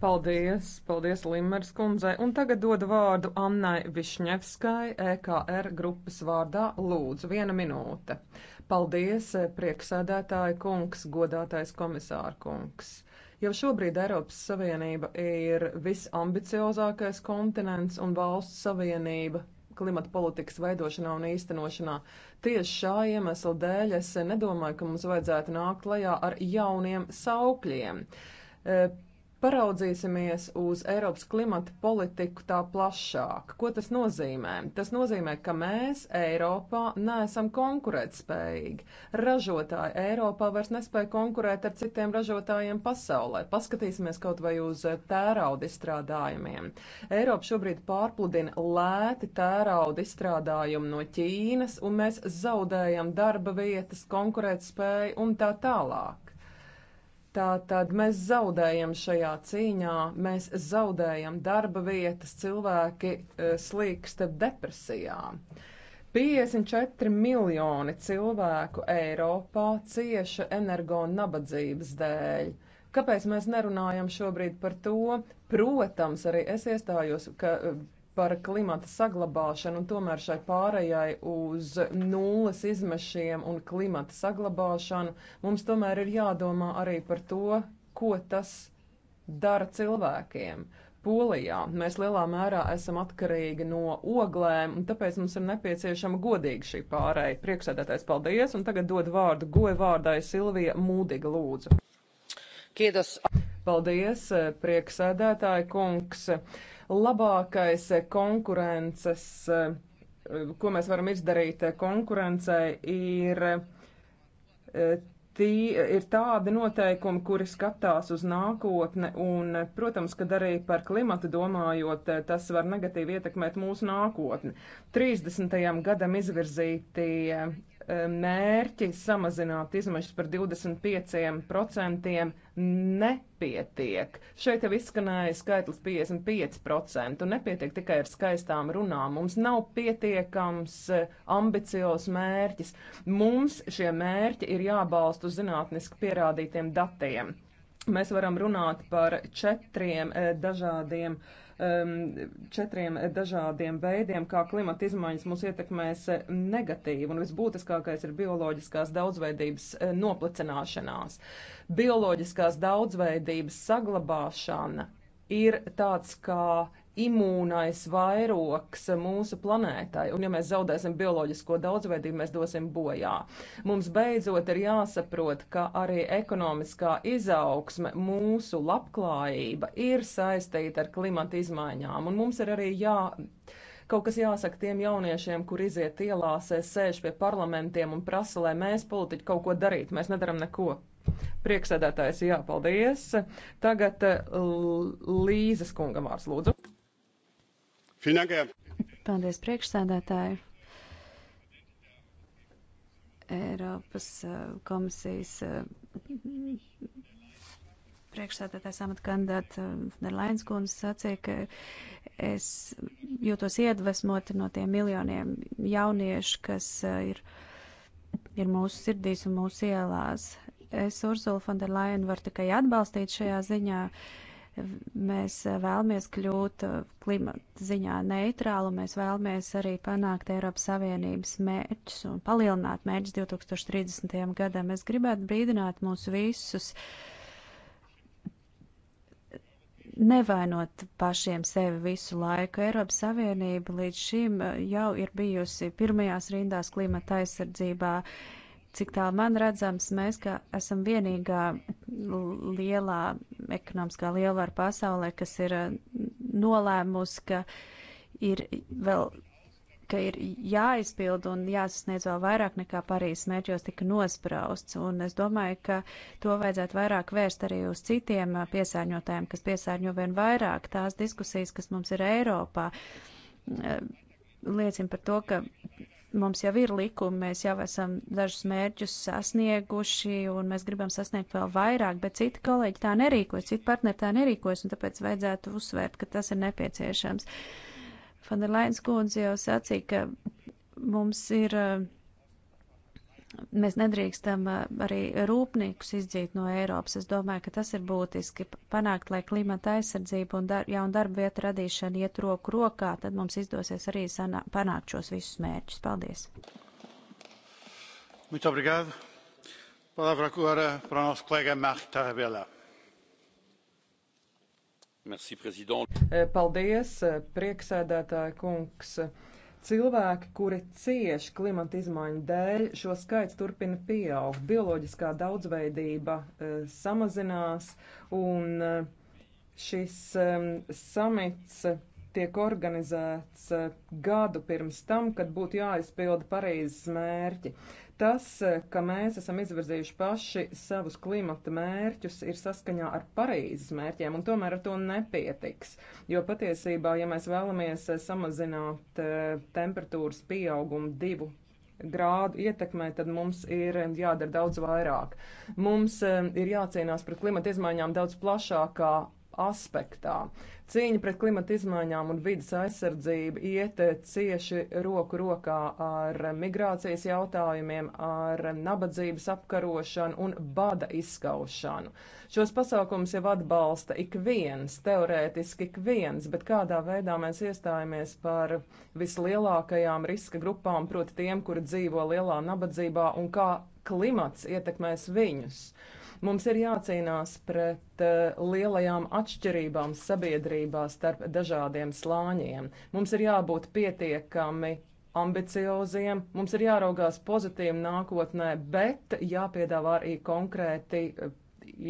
Paldies, paldies Limmeras kundzei. Un tagad dodu vārdu Annai Višņevskai, EKR grupas vārdā. Lūdzu, viena minūte. Paldies, prieksēdētāja kungs, godātais komisāra kungs. Jau šobrīd Eiropas Savienība ir visambiciozākais kontinents un valsts savienība klimata politikas veidošanā un īstenošanā. Tieši šā iemesla dēļ es nedomāju, ka mums vajadzētu nākt klajā ar jauniem saukļiem paraudzīsimies uz Eiropas klimata politiku tā plašāk. Ko tas nozīmē? Tas nozīmē, ka mēs Eiropā neesam konkurētspējīgi. Ražotāji Eiropā vairs nespēja konkurēt ar citiem ražotājiem pasaulē. Paskatīsimies kaut vai uz tērauda izstrādājumiem. Eiropa šobrīd pārpludina lēti tērauda izstrādājumu no Ķīnas, un mēs zaudējam darba vietas, konkurētspēju un tā tālāk. Tā tad mēs zaudējam šajā cīņā, mēs zaudējam darba vietas, cilvēki eh, slīksta depresijā. 54 miljoni cilvēku Eiropā cieša energo nabadzības dēļ. Kāpēc mēs nerunājam šobrīd par to? Protams, arī es iestājos ka, eh, par klimata saglabāšanu, un tomēr šai pārējai uz nulles izmešiem un klimata saglabāšanu mums tomēr ir jādomā arī par to, ko tas dara cilvēkiem. Polijā mēs lielā mērā esam atkarīgi no oglēm, un tāpēc mums ir nepieciešama godīga šī pārēja. Priekšsēdētājs paldies, un tagad dod vārdu goja vārdai Silvija Mūdiga lūdzu. Kiedos. Paldies, prieksēdētāji kungs labākais konkurences, eh, ko mēs varam izdarīt konkurencei, ir eh, tī, ir tādi noteikumi, kuri skatās uz nākotni, un, protams, kad arī par klimatu domājot, eh, tas var negatīvi ietekmēt mūsu nākotni. 30. gadam izvirzītie mērķi samazināt izmešas par 25% nepietiek. Šeit jau izskanēja skaitlis 55% un nepietiek tikai ar skaistām runām. Mums nav pietiekams eh, ambiciozs mērķis. Mums šie mērķi ir jābalst uz zinātniski pierādītiem datiem. Mēs varam runāt par četriem eh, dažādiem uh, Um, četriem dažādiem veidiem, kā klimata izmaiņas mūs ietekmēs negatīvi, un visbūtiskākais ir bioloģiskās daudzveidības eh, noplicināšanās. Bioloģiskās daudzveidības saglabāšana ir tāds kā imūnais vairoks mūsu planētai, un ja mēs zaudēsim bioloģisko daudzveidību, mēs dosim bojā. Mums beidzot ir jāsaprot, ka arī ekonomiskā izaugsme, mūsu labklājība ir saistīta ar klimata izmaiņām, un mums ir arī jā kaut kas jāsaka tiem jauniešiem, kur iziet ielās, sēž pie parlamentiem un prasa, lai mēs politiķi kaut ko darītu. Mēs nedaram neko. Prieksēdētājs jāpaldies. Tagad Līzes kungam vārds lūdzu. Paldies, priekšsēdētāji! Eiropas uh, komisijas uh, priekšsēdētājs amata kandidāta uh, Nerlains Gunas sacīja, ka es jūtos iedvesmoti no tiem miljoniem jauniešu, kas ir, ir mūsu sirdīs un mūsu ielās. Es Urzulu Fonderlainu varu tikai atbalstīt šajā ziņā. Uh, Mēs eh, vēlamies kļūt eh, klimata ziņā neitrālu, mēs vēlamies arī panākt Eiropas Savienības mērķus un palielināt mērķus 2030. gadam. Es gribētu brīdināt mūs visus nevainot pašiem sevi visu laiku. Eiropas Savienība līdz šim eh, jau ir bijusi pirmajās rindās klimata aizsardzībā. Uh, Cik tālu man redzams, mēs kā esam vienīgā lielā ekonomiskā lielvara pasaulē, kas ir eh, nolēmusi, ka ir vēl ka ir jāizpild un jāsasniedz vēl vairāk nekā Parīzes mērķos tika nosprausts. Un es domāju, ka to vajadzētu vairāk vērst arī uz citiem eh, piesārņotājiem, kas piesārņo vien vairāk. Tās diskusijas, kas mums ir Eiropā, eh, liecina par to, ka mums jau ir likumi, mēs jau esam dažus mērķus sasnieguši un mēs gribam sasniegt vēl vairāk, bet citi kolēģi tā nerīkojas, citi partneri tā nerīkojas un tāpēc vajadzētu uzsvērt, ka tas ir nepieciešams. Fanderlains kundze jau sacīja, ka mums ir uh, mēs nedrīkstam eh, arī rūpniekus izdzīt no Eiropas. Es domāju, ka tas ir būtiski panākt, lai klimata aizsardzība un dar jauna darba vieta radīšana iet roku rokā, tad mums izdosies arī sanā, panākt šos visus mērķus. Paldies! Muito obrigado. Palavra agora para o nosso colega Marc Tarabella. Merci, Presidente. Eh, paldies, eh, prieksēdētāja kungs. Cilvēki, kuri cieši klimata izmaiņu dēļ, šo skaits turpina pieaugt. Bioloģiskā daudzveidība e, samazinās, un e, šis e, samits tiek organizēts e, gadu pirms tam, kad būtu jāizpilda Parīzes mērķi. Tas, ka mēs esam izvirzījuši paši savus klimata mērķus, ir saskaņā ar Parīzes mērķiem, un tomēr ar to nepietiks. Jo patiesībā, ja mēs vēlamies samazināt e, temperatūras pieaugumu divu grādu ietekmē, tad mums ir jādara daudz vairāk. Mums e, ir jācīnās pret klimata izmaiņām daudz plašākā aspektā. Cīņa pret klimata izmaiņām un vidas aizsardzību iet cieši roku rokā ar migrācijas jautājumiem, ar nabadzības apkarošanu un bada izskaušanu. Šos pasākumus jau atbalsta ik viens, teorētiski ik viens, bet kādā veidā mēs iestājamies par vislielākajām riska grupām, proti tiem, kuri dzīvo lielā nabadzībā un kā klimats ietekmēs viņus. Uh, Mums ir jācīnās pret uh, lielajām atšķirībām sabiedrībā starp dažādiem slāņiem. Mums ir jābūt pietiekami ambicioziem, mums ir jāraugās pozitīvi nākotnē, bet jāpiedāvā arī konkrēti eh,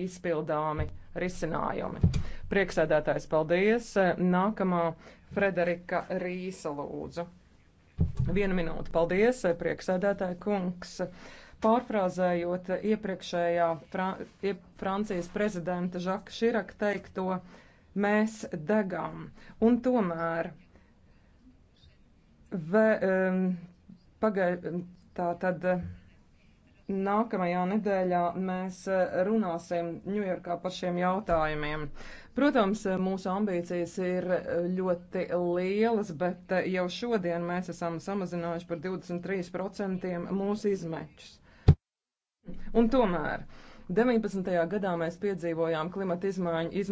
izpildāmi risinājumi. Prieksēdētājs, paldies! Nākamā Frederika Rīsa lūdzu. Vienu minūti, paldies, prieksēdētāja kungs. Uh, Pārfrāzējot iepriekšējā Fran Francijas prezidenta Žaka Širaka teikto, mēs degām. Un tomēr ve, um, pagai, tā tad. Nākamajā nedēļā mēs eh, runāsim Ņujorkā par šiem jautājumiem. Protams, mūsu ambīcijas ir eh, ļoti lielas, bet eh, jau šodien mēs esam samazinājuši par 23% mūsu izmečus. Un tomēr 19. gadā mēs piedzīvojām klimata izmaiņu iz,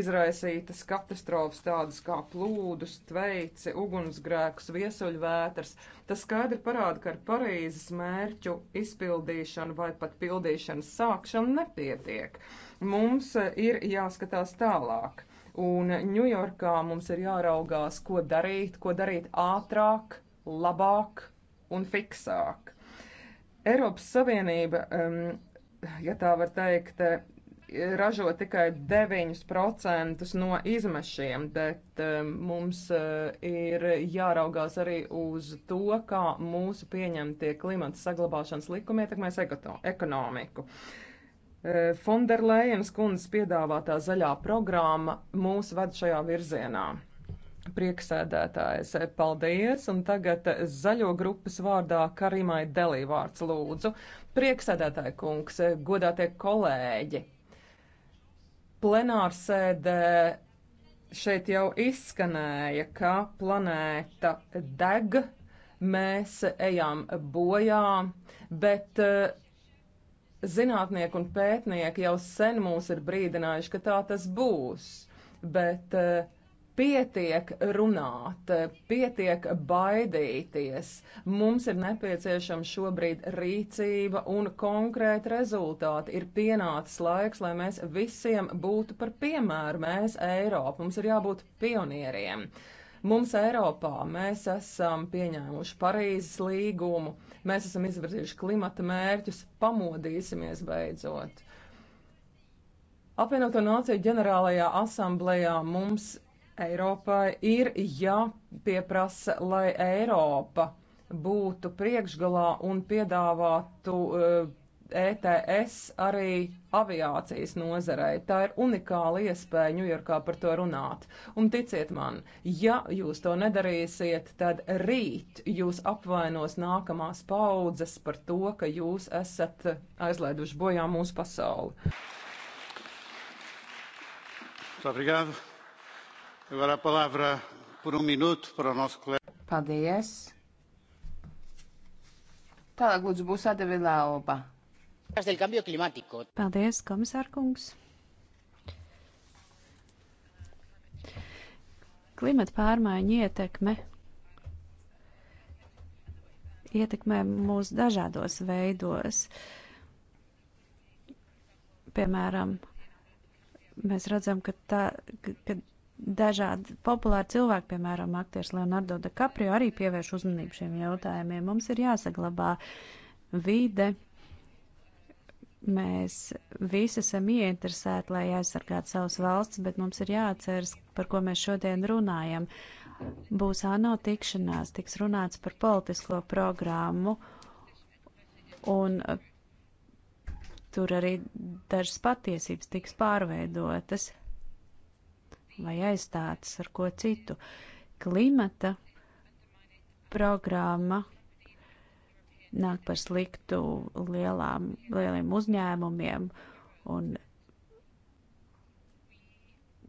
izraisītas katastrofas tādas kā plūdus, tveici, ugunsgrēkus, viesuļvētras. Tas skaidri parāda, ka ar Parīzes mērķu izpildīšanu vai pat pildīšanas sākšanu nepietiek. Mums eh, ir jāskatās tālāk. Un Ņujorkā mums ir jāraugās, ko darīt, ko darīt ātrāk, labāk un fiksāk. Eiropas Savienība, ja tā var teikt, ražo tikai 9% no izmešiem, bet mums eh, ir jāraugās arī uz to, kā mūsu pieņemtie klimata saglabāšanas likumi ietekmēs ekonomiku. Fonderlejenas eh, kundzes piedāvātā zaļā programma mūs ved šajā virzienā. Prieksēdētājs, paldies, un tagad zaļo grupas vārdā Karimai Delīvārds lūdzu. Prieksēdētāja kungs, godātie kolēģi, plenārsēdē šeit jau izskanēja, ka planēta deg, mēs ejam bojā, bet eh, zinātnieki un pētnieki jau sen mūs ir brīdinājuši, ka tā tas būs. Bet eh, Pietiek runāt, pietiek baidīties. Mums ir nepieciešama šobrīd rīcība un konkrēti rezultāti. Ir pienācis laiks, lai mēs visiem būtu par piemēru. Mēs Eiropa, mums ir jābūt pionieriem. Mums Eiropā mēs esam pieņēmuši Parīzes līgumu, mēs esam izvirzījuši klimata mērķus, pamodīsimies beidzot. Apvienoto nāciju ģenerālajā asamblējā mums Eiropai ir jāpieprasa, ja lai Eiropa būtu priekšgalā un piedāvātu uh, eh, ETS arī aviācijas nozarei. Tā ir unikāla iespēja Ņujorkā par to runāt. Un ticiet man, ja jūs to nedarīsiet, tad rīt jūs apvainos nākamās paudzes par to, ka jūs esat aizlaiduši bojā mūsu pasauli. Obrigado. Um Paldies. Tālāk lūdzu būs Adevila Oba. Paldies, komisārkungs. Klimata pārmaiņu ietekme ietekmē mūs dažādos veidos. Piemēram, mēs redzam, ka, tā, ka Dažādi populāri cilvēki, piemēram, aktieris Leonardo DiCaprio, arī pievērš uzmanību šiem jautājumiem. Mums ir jāsaglabā vide. Mēs visi esam ieinteresēti, lai aizsargātu savas valsts, bet mums ir jāatceras, par ko mēs šodien runājam. Būs ANO tikšanās, tiks runāts par politisko programmu, un uh, tur arī dažas patiesības tiks pārveidotas vai aizstātas ar ko citu. Klimata programma nāk par sliktu lielām, lieliem uzņēmumiem, un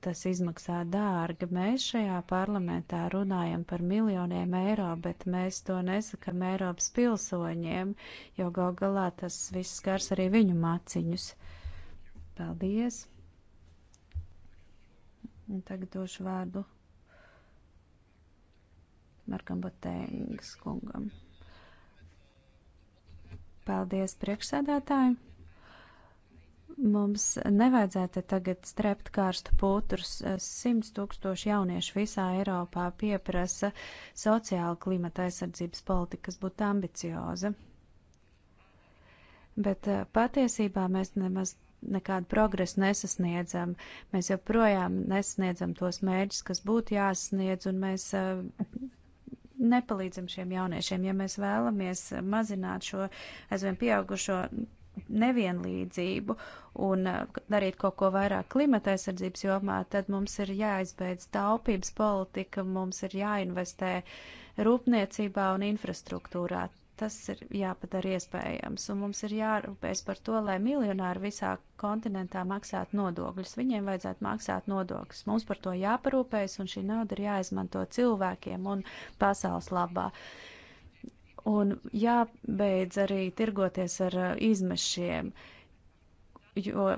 tas izmaksā dārgi. Mēs šajā parlamentā runājam par miljoniem eiro, bet mēs to nesakam Eiropas pilsoņiem, jo gal galā tas viss skars arī viņu maciņus. Paldies! Un tagad došu vārdu Markam Botēngas kungam. Paldies priekšsēdētājiem! mums nevajadzētu tagad strept kārstu putrus. Simts tūkstoši jauniešu visā Eiropā pieprasa sociāla klimata aizsardzības politiku, kas būtu ambicioza. Bet eh, patiesībā mēs nemaz nekādu progresu nesasniedzam. Mēs joprojām nesasniedzam tos mērķus, kas būtu jāsasniedz, un mēs nepalīdzam šiem jauniešiem. Ja mēs vēlamies mazināt šo aizvien pieaugušo nevienlīdzību un darīt kaut ko vairāk klimata aizsardzības jomā, tad mums ir jāizbeidz taupības politika, mums ir jāinvestē rūpniecībā un infrastruktūrā. Tas ir jāpadara iespējams, un mums ir jārūpēs par to, lai miljonāri visā kontinentā maksātu nodokļus. Viņiem vajadzētu maksāt nodokļus. Mums par to jāparūpēs, un šī nauda ir jāizmanto cilvēkiem un pasaules labā. Un jābeidz arī tirgoties ar uh, izmešiem, jo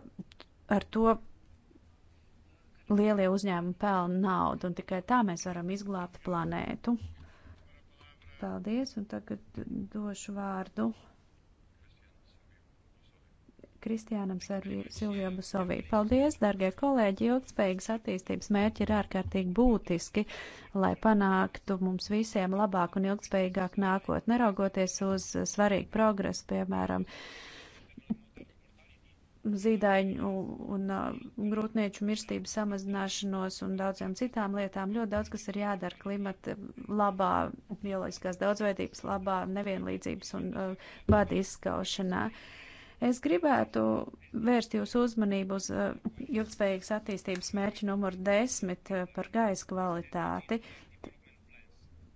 ar to lielie uzņēmumi pelna naudu, un tikai tā mēs varam izglābt planētu. Paldies, un tagad došu vārdu Kristiānam Silvijam Busovī. Paldies, dargie kolēģi! Ilgtspējīgas attīstības mērķi ir ārkārtīgi būtiski, lai panāktu mums visiem labāku un ilgtspējīgāku nākotni, neraugoties uz svarīgu progresu, piemēram, uh, zīdaiņu un uh, grūtnieču mirstību samazināšanos un daudzām citām lietām. Ļoti daudz, kas ir jādara klimata labā, bioloģiskās daudzveidības labā, nevienlīdzības un uh, bada izskaušanā. Es gribētu vērst jūsu uzmanību uz uh, ilgspējīgas attīstības mērķi numur 10 uh, par gaisa kvalitāti.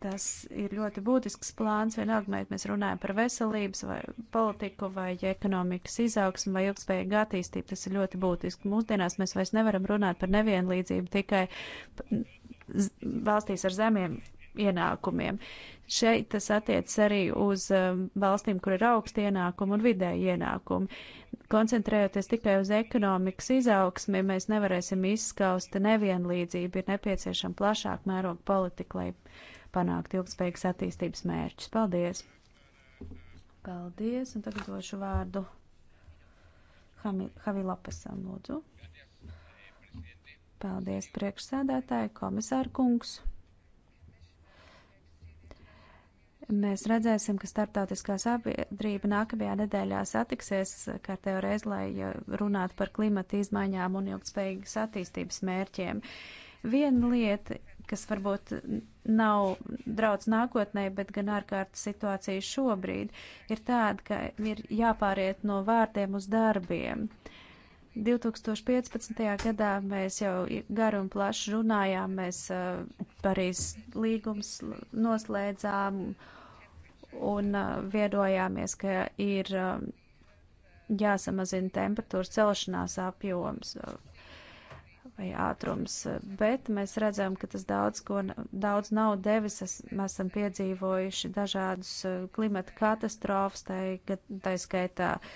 Tas ir ļoti būtisks plāns, vienalga, vai mēs runājam par veselības vai politiku vai ekonomikas izaugsmu vai ilgspējīgu attīstību. Tas ir ļoti būtiski. Mūsdienās mēs vairs nevaram runāt par nevienlīdzību tikai valstīs ar zemiem ienākumiem. Šeit tas attiecas arī uz um, valstīm, kur ir augsti ienākumi un vidēji ienākumi. Koncentrējoties tikai uz ekonomikas izaugsmi, mēs nevarēsim izskaust nevienlīdzību. Ir nepieciešama plašāka mēroga politika, lai panākt ilgspējīgas attīstības mērķus. Paldies! Paldies, un tagad došu vārdu Havi Lapesam, lūdzu. Paldies, priekšsēdētāji, komisāra kungs. Mēs redzēsim, ka starptautiskā sabiedrība nākamajā nedēļā satiksies kārtējo reizi, lai runātu par klimata izmaiņām un ilgspējīgas attīstības mērķiem. Viena lieta kas varbūt nav draudz nākotnē, bet gan ārkārtas situācija šobrīd, ir tāda, ka ir jāpāriet no vārdiem uz darbiem. 2015. gadā mēs jau garu un plašu runājām, mēs uh, Parīz līgums noslēdzām un uh, viedojāmies, ka ir uh, jāsamazina temperatūras celšanās apjoms. Uh, vai ātrums, bet mēs redzam, ka tas daudz, ko, daudz nav devis. Es, mēs esam piedzīvojuši dažādus eh, klimata katastrofas, tai, tai skaitā uh,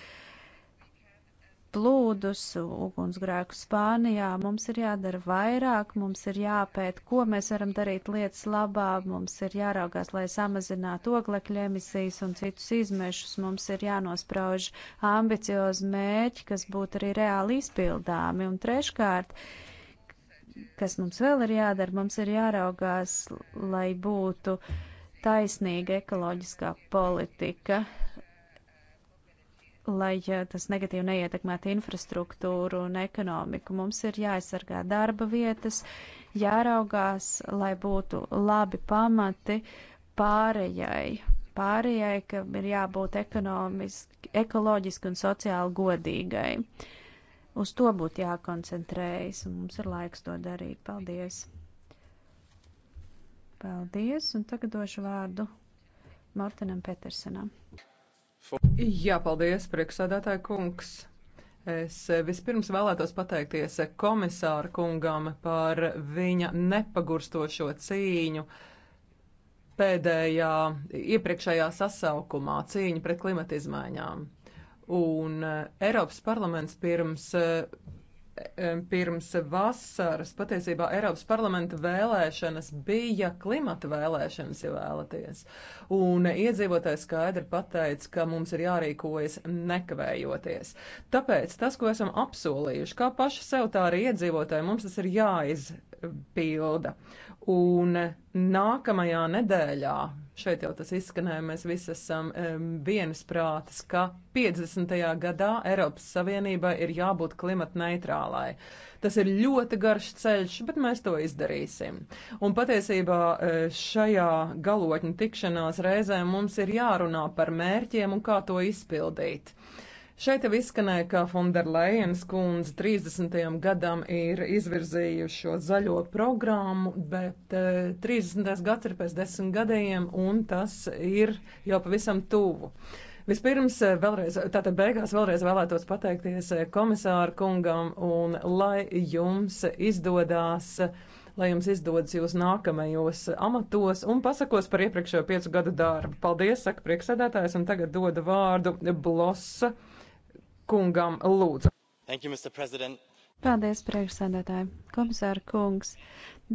plūdus, ugunsgrēku Spānijā. Mums ir jādara vairāk, mums ir jāpēt, ko mēs varam darīt lietas labā, mums ir jāraugās, lai samazinātu oglekļa emisijas un citus izmešus, mums ir jānosprauž ambiciozi mērķi, kas būtu arī reāli izpildāmi. Un treškārt, kas mums vēl ir jādara, mums ir jāraugās, lai būtu taisnīga ekoloģiskā politika, lai ja tas negatīvi neietekmētu infrastruktūru un ekonomiku. Mums ir jāaizsargā darba vietas, jāraugās, lai būtu labi pamati pārējai, pārējai, ka ir jābūt ekoloģiski un sociāli godīgai. Uz to būtu jākoncentrējas, un mums ir laiks to darīt. Paldies! Paldies, un tagad došu vārdu Mortenam Petersenam. Jā, paldies, priekšsēdētāja kungs. Es vispirms vēlētos pateikties komisāra kungam par viņa nepagurstošo cīņu pēdējā, iepriekšējā sasaukumā cīņa pret klimata izmaiņām. Un eh, Eiropas parlaments pirms eh, pirms vasaras patiesībā Eiropas parlamenta vēlēšanas bija klimata vēlēšanas, ja vēlaties. Un iedzīvotājs skaidri pateica, ka mums ir jārīkojas nekavējoties. Tāpēc tas, ko esam apsolījuši, kā paši sev tā arī iedzīvotāji, mums tas ir jāizpilda. Un nākamajā nedēļā Šeit jau tas izskanēja, mēs visi esam um, viensprātis, ka 50. gadā Eiropas Savienībai ir jābūt klimata neitrālai. Tas ir ļoti garš ceļš, bet mēs to izdarīsim. Un patiesībā e, šajā galotņu tikšanās reizē mums ir jārunā par mērķiem un kā to izpildīt. Uh, Šeit jau izskanēja, ka Fonderlejenas kundze 30. gadam ir izvirzījuši šo zaļo programmu, bet 30. Eh, gads ir pēc desmit gadiem, un tas ir jau pavisam tuvu. Vispirms, eh, vēlreiz, tātad beigās vēlreiz vēlētos pateikties eh, komisāru kungam, un lai jums izdodās lai jums izdodas jūs nākamajos amatos un pasakos par iepriekšējo piecu gadu darbu. Paldies, saka priekšsēdētājs, un tagad doda vārdu Blosa kungam lūdzu. Thank you, Mr. President. Paldies, priekšsēdētāji. Komisāra kungs,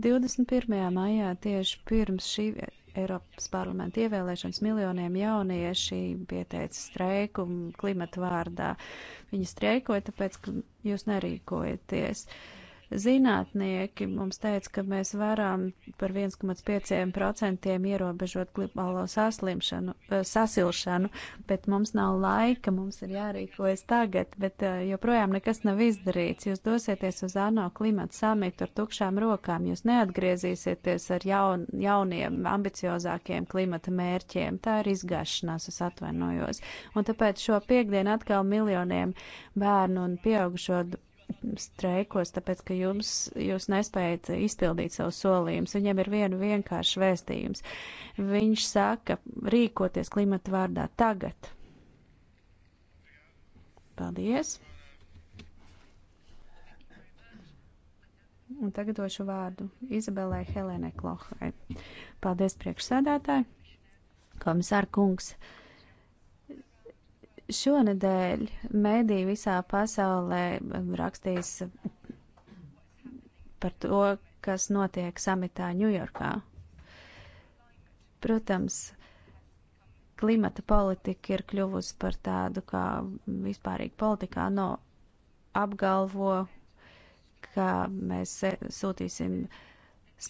21. maijā tieši pirms šī Eiropas parlamenta ievēlēšanas miljoniem jaunieši pieteica streiku klimata vārdā. Viņi streikoja, tāpēc, ka jūs nerīkojaties. Uh, Zinātnieki mums teica, ka mēs varam par 1,5% ierobežot globālo saslimšanu, eh, sasilšanu, bet mums nav laika, mums ir jārīkojas tagad, bet eh, joprojām nekas nav izdarīts. Jūs dosieties uz ANO klimata samitu ar tukšām rokām, jūs neatgriezīsieties ar jaun, jauniem, ambiciozākiem klimata mērķiem. Tā ir izgāšanās, es atvainojos. Un tāpēc šo piekdienu atkal miljoniem bērnu un pieaugušo streikos, tāpēc, ka jums, jūs nespējat izpildīt savus solījumus. Viņam ir viena vienkārša vēstījums. Viņš saka, rīkoties klimata vārdā tagad. Paldies! Un tagad došu vārdu Izabelai Helēnai Klohai. Paldies priekšsēdētāji! Komisāra kungs! Uh, Šonadēļ mediji visā pasaulē rakstīs par to, kas notiek samitā Ņujorkā. Protams, klimata politika ir kļuvusi par tādu kā vispārīgi politikā no apgalvo, ka mēs sūtīsim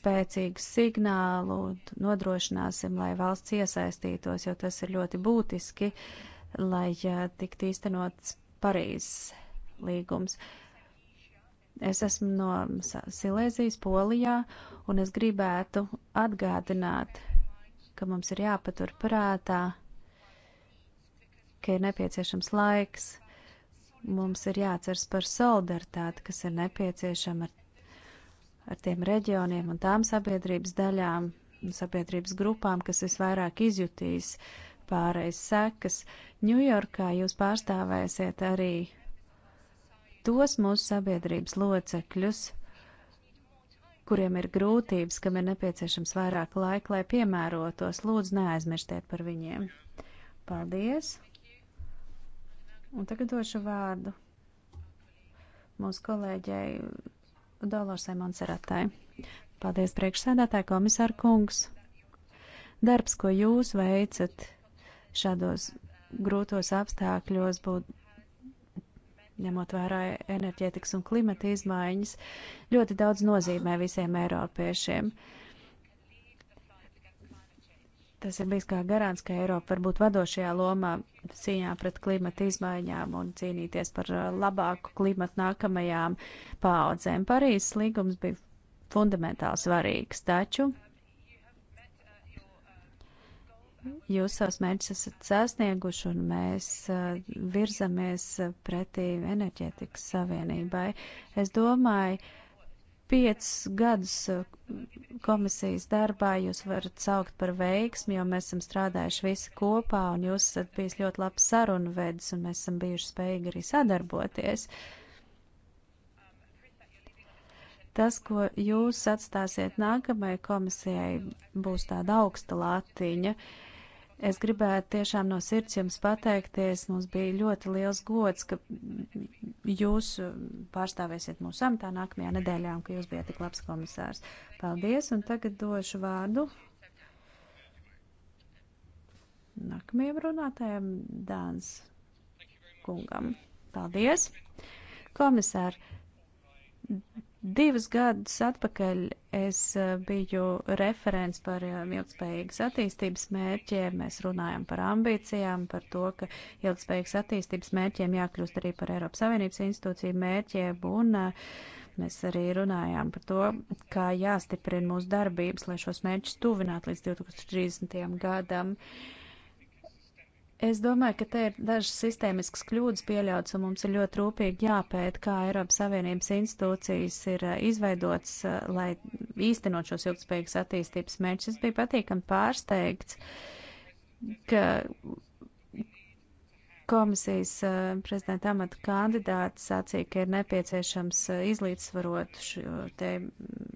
spēcīgu signālu, nodrošināsim, lai valsts iesaistītos, jo tas ir ļoti būtiski. Uh, lai tiktu īstenots Parīzes līgums. Es esmu no Silēzijas, Polijā, un es gribētu atgādināt, ka mums ir jāpatur prātā, ka ir nepieciešams laiks, mums ir jāatceras par solidaritāti, kas ir nepieciešama ar, ar tiem reģioniem un tām sabiedrības daļām, sabiedrības grupām, kas visvairāk izjutīs uh, vispārējas sekas. Ņujorkā jūs pārstāvēsiet arī tos mūsu sabiedrības locekļus, kuriem ir grūtības, kam ir nepieciešams vairāk laika, lai piemērotos. Lūdzu, neaizmirstiet par viņiem. Paldies! Un tagad došu vārdu mūsu kolēģei Dolorsai Monseratai. Paldies, priekšsēdētāji, komisāra kungs! Darbs, ko jūs veicat, šādos grūtos apstākļos būtu ņemot vērā enerģētikas un klimata izmaiņas, ļoti daudz nozīmē visiem eiropiešiem. Tas ir bijis kā garants, ka Eiropa var būt vadošajā lomā cīņā pret klimata izmaiņām un cīnīties par uh, labāku klimatu nākamajām paaudzēm. Parīzes līgums bija fundamentāli svarīgs, taču jūs savus mērķus esat sasnieguši un mēs uh, virzamies uh, pretī enerģētikas savienībai. Es domāju, piecus gadus uh, komisijas darbā jūs varat saukt par veiksmi, jo mēs esam strādājuši visi kopā un jūs esat bijis ļoti labs sarunu vedis un mēs esam bijuši spējīgi arī sadarboties. Tas, ko jūs atstāsiet nākamajai komisijai, būs tāda augsta latiņa. Uh, Es gribētu tiešām no sirds jums pateikties. Mums bija ļoti liels gods, ka jūs pārstāvēsiet mūsu amatā nākamajā nedēļā un ka jūs bijat tik labs komisārs. Paldies, un tagad došu vārdu nākamajam runātājam Dāns kungam. Paldies! Komisāri! Divus gadus atpakaļ es eh, biju referents par eh, ilgspējīgas attīstības mērķiem. Mēs runājam par ambīcijām, par to, ka ilgspējīgas attīstības mērķiem jākļūst arī par Eiropas Savienības institūciju mērķiem. Un eh, mēs arī runājām par to, kā jāstiprina mūsu darbības, lai šos mērķus tuvinātu līdz 2030. gadam. Uh, Es domāju, ka te ir dažas sistēmiskas kļūdas pieļautas, un mums ir ļoti rūpīgi jāpēt, kā Eiropas Savienības institūcijas ir izveidotas, lai īstenot šos ilgspējīgas attīstības mērķus. Es biju patīkami pārsteigts, ka Komisijas eh, prezidenta amata kandidāts sacīja, ka ir nepieciešams eh, izlīdzsvarot šo te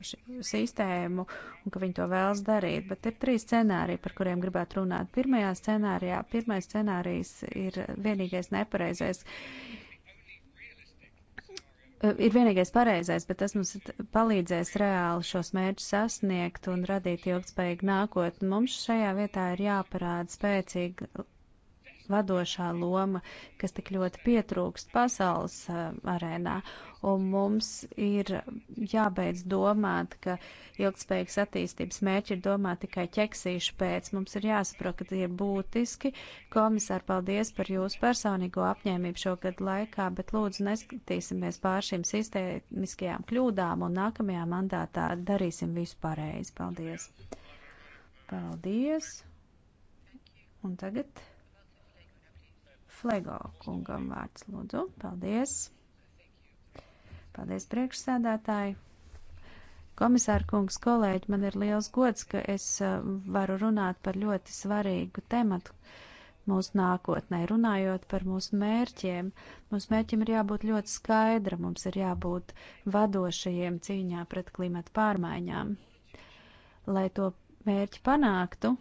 šo sistēmu un ka viņi to vēlas darīt, bet ir trīs scenāriji, par kuriem gribētu runāt. Pirmajā scenārijā, pirmais scenārijs ir vienīgais nepareizais eh, ir vienīgais pareizais, bet tas mums palīdzēs reāli šos mērķus sasniegt un radīt ilgspējīgu nākotni. Mums šajā vietā ir jāparāda spēcīga vadošā loma, kas tik ļoti pietrūkst pasaules eh, arēnā. Un mums ir jābeidz domāt, ka ilgspējīgas attīstības mērķi ir domāt tikai ķeksīšu pēc. Mums ir jāsaprot, ka tie ir būtiski. Komisāri, paldies par jūsu personīgo apņēmību šogad laikā, bet lūdzu neskatīsimies pār šīm sistēmiskajām kļūdām un nākamajā mandātā darīsim visu pareizi. Paldies! Paldies! Un tagad Flego kungam vārds lūdzu. Paldies! Paldies priekšsēdētāji! Komisāra kungs, kolēģi, man ir liels gods, ka es uh, varu runāt par ļoti svarīgu tematu mūsu nākotnē, runājot par mūsu mērķiem. Mūsu mērķim ir jābūt ļoti skaidra, mums ir jābūt vadošajiem cīņā pret klimata pārmaiņām. Lai to mērķi panāktu,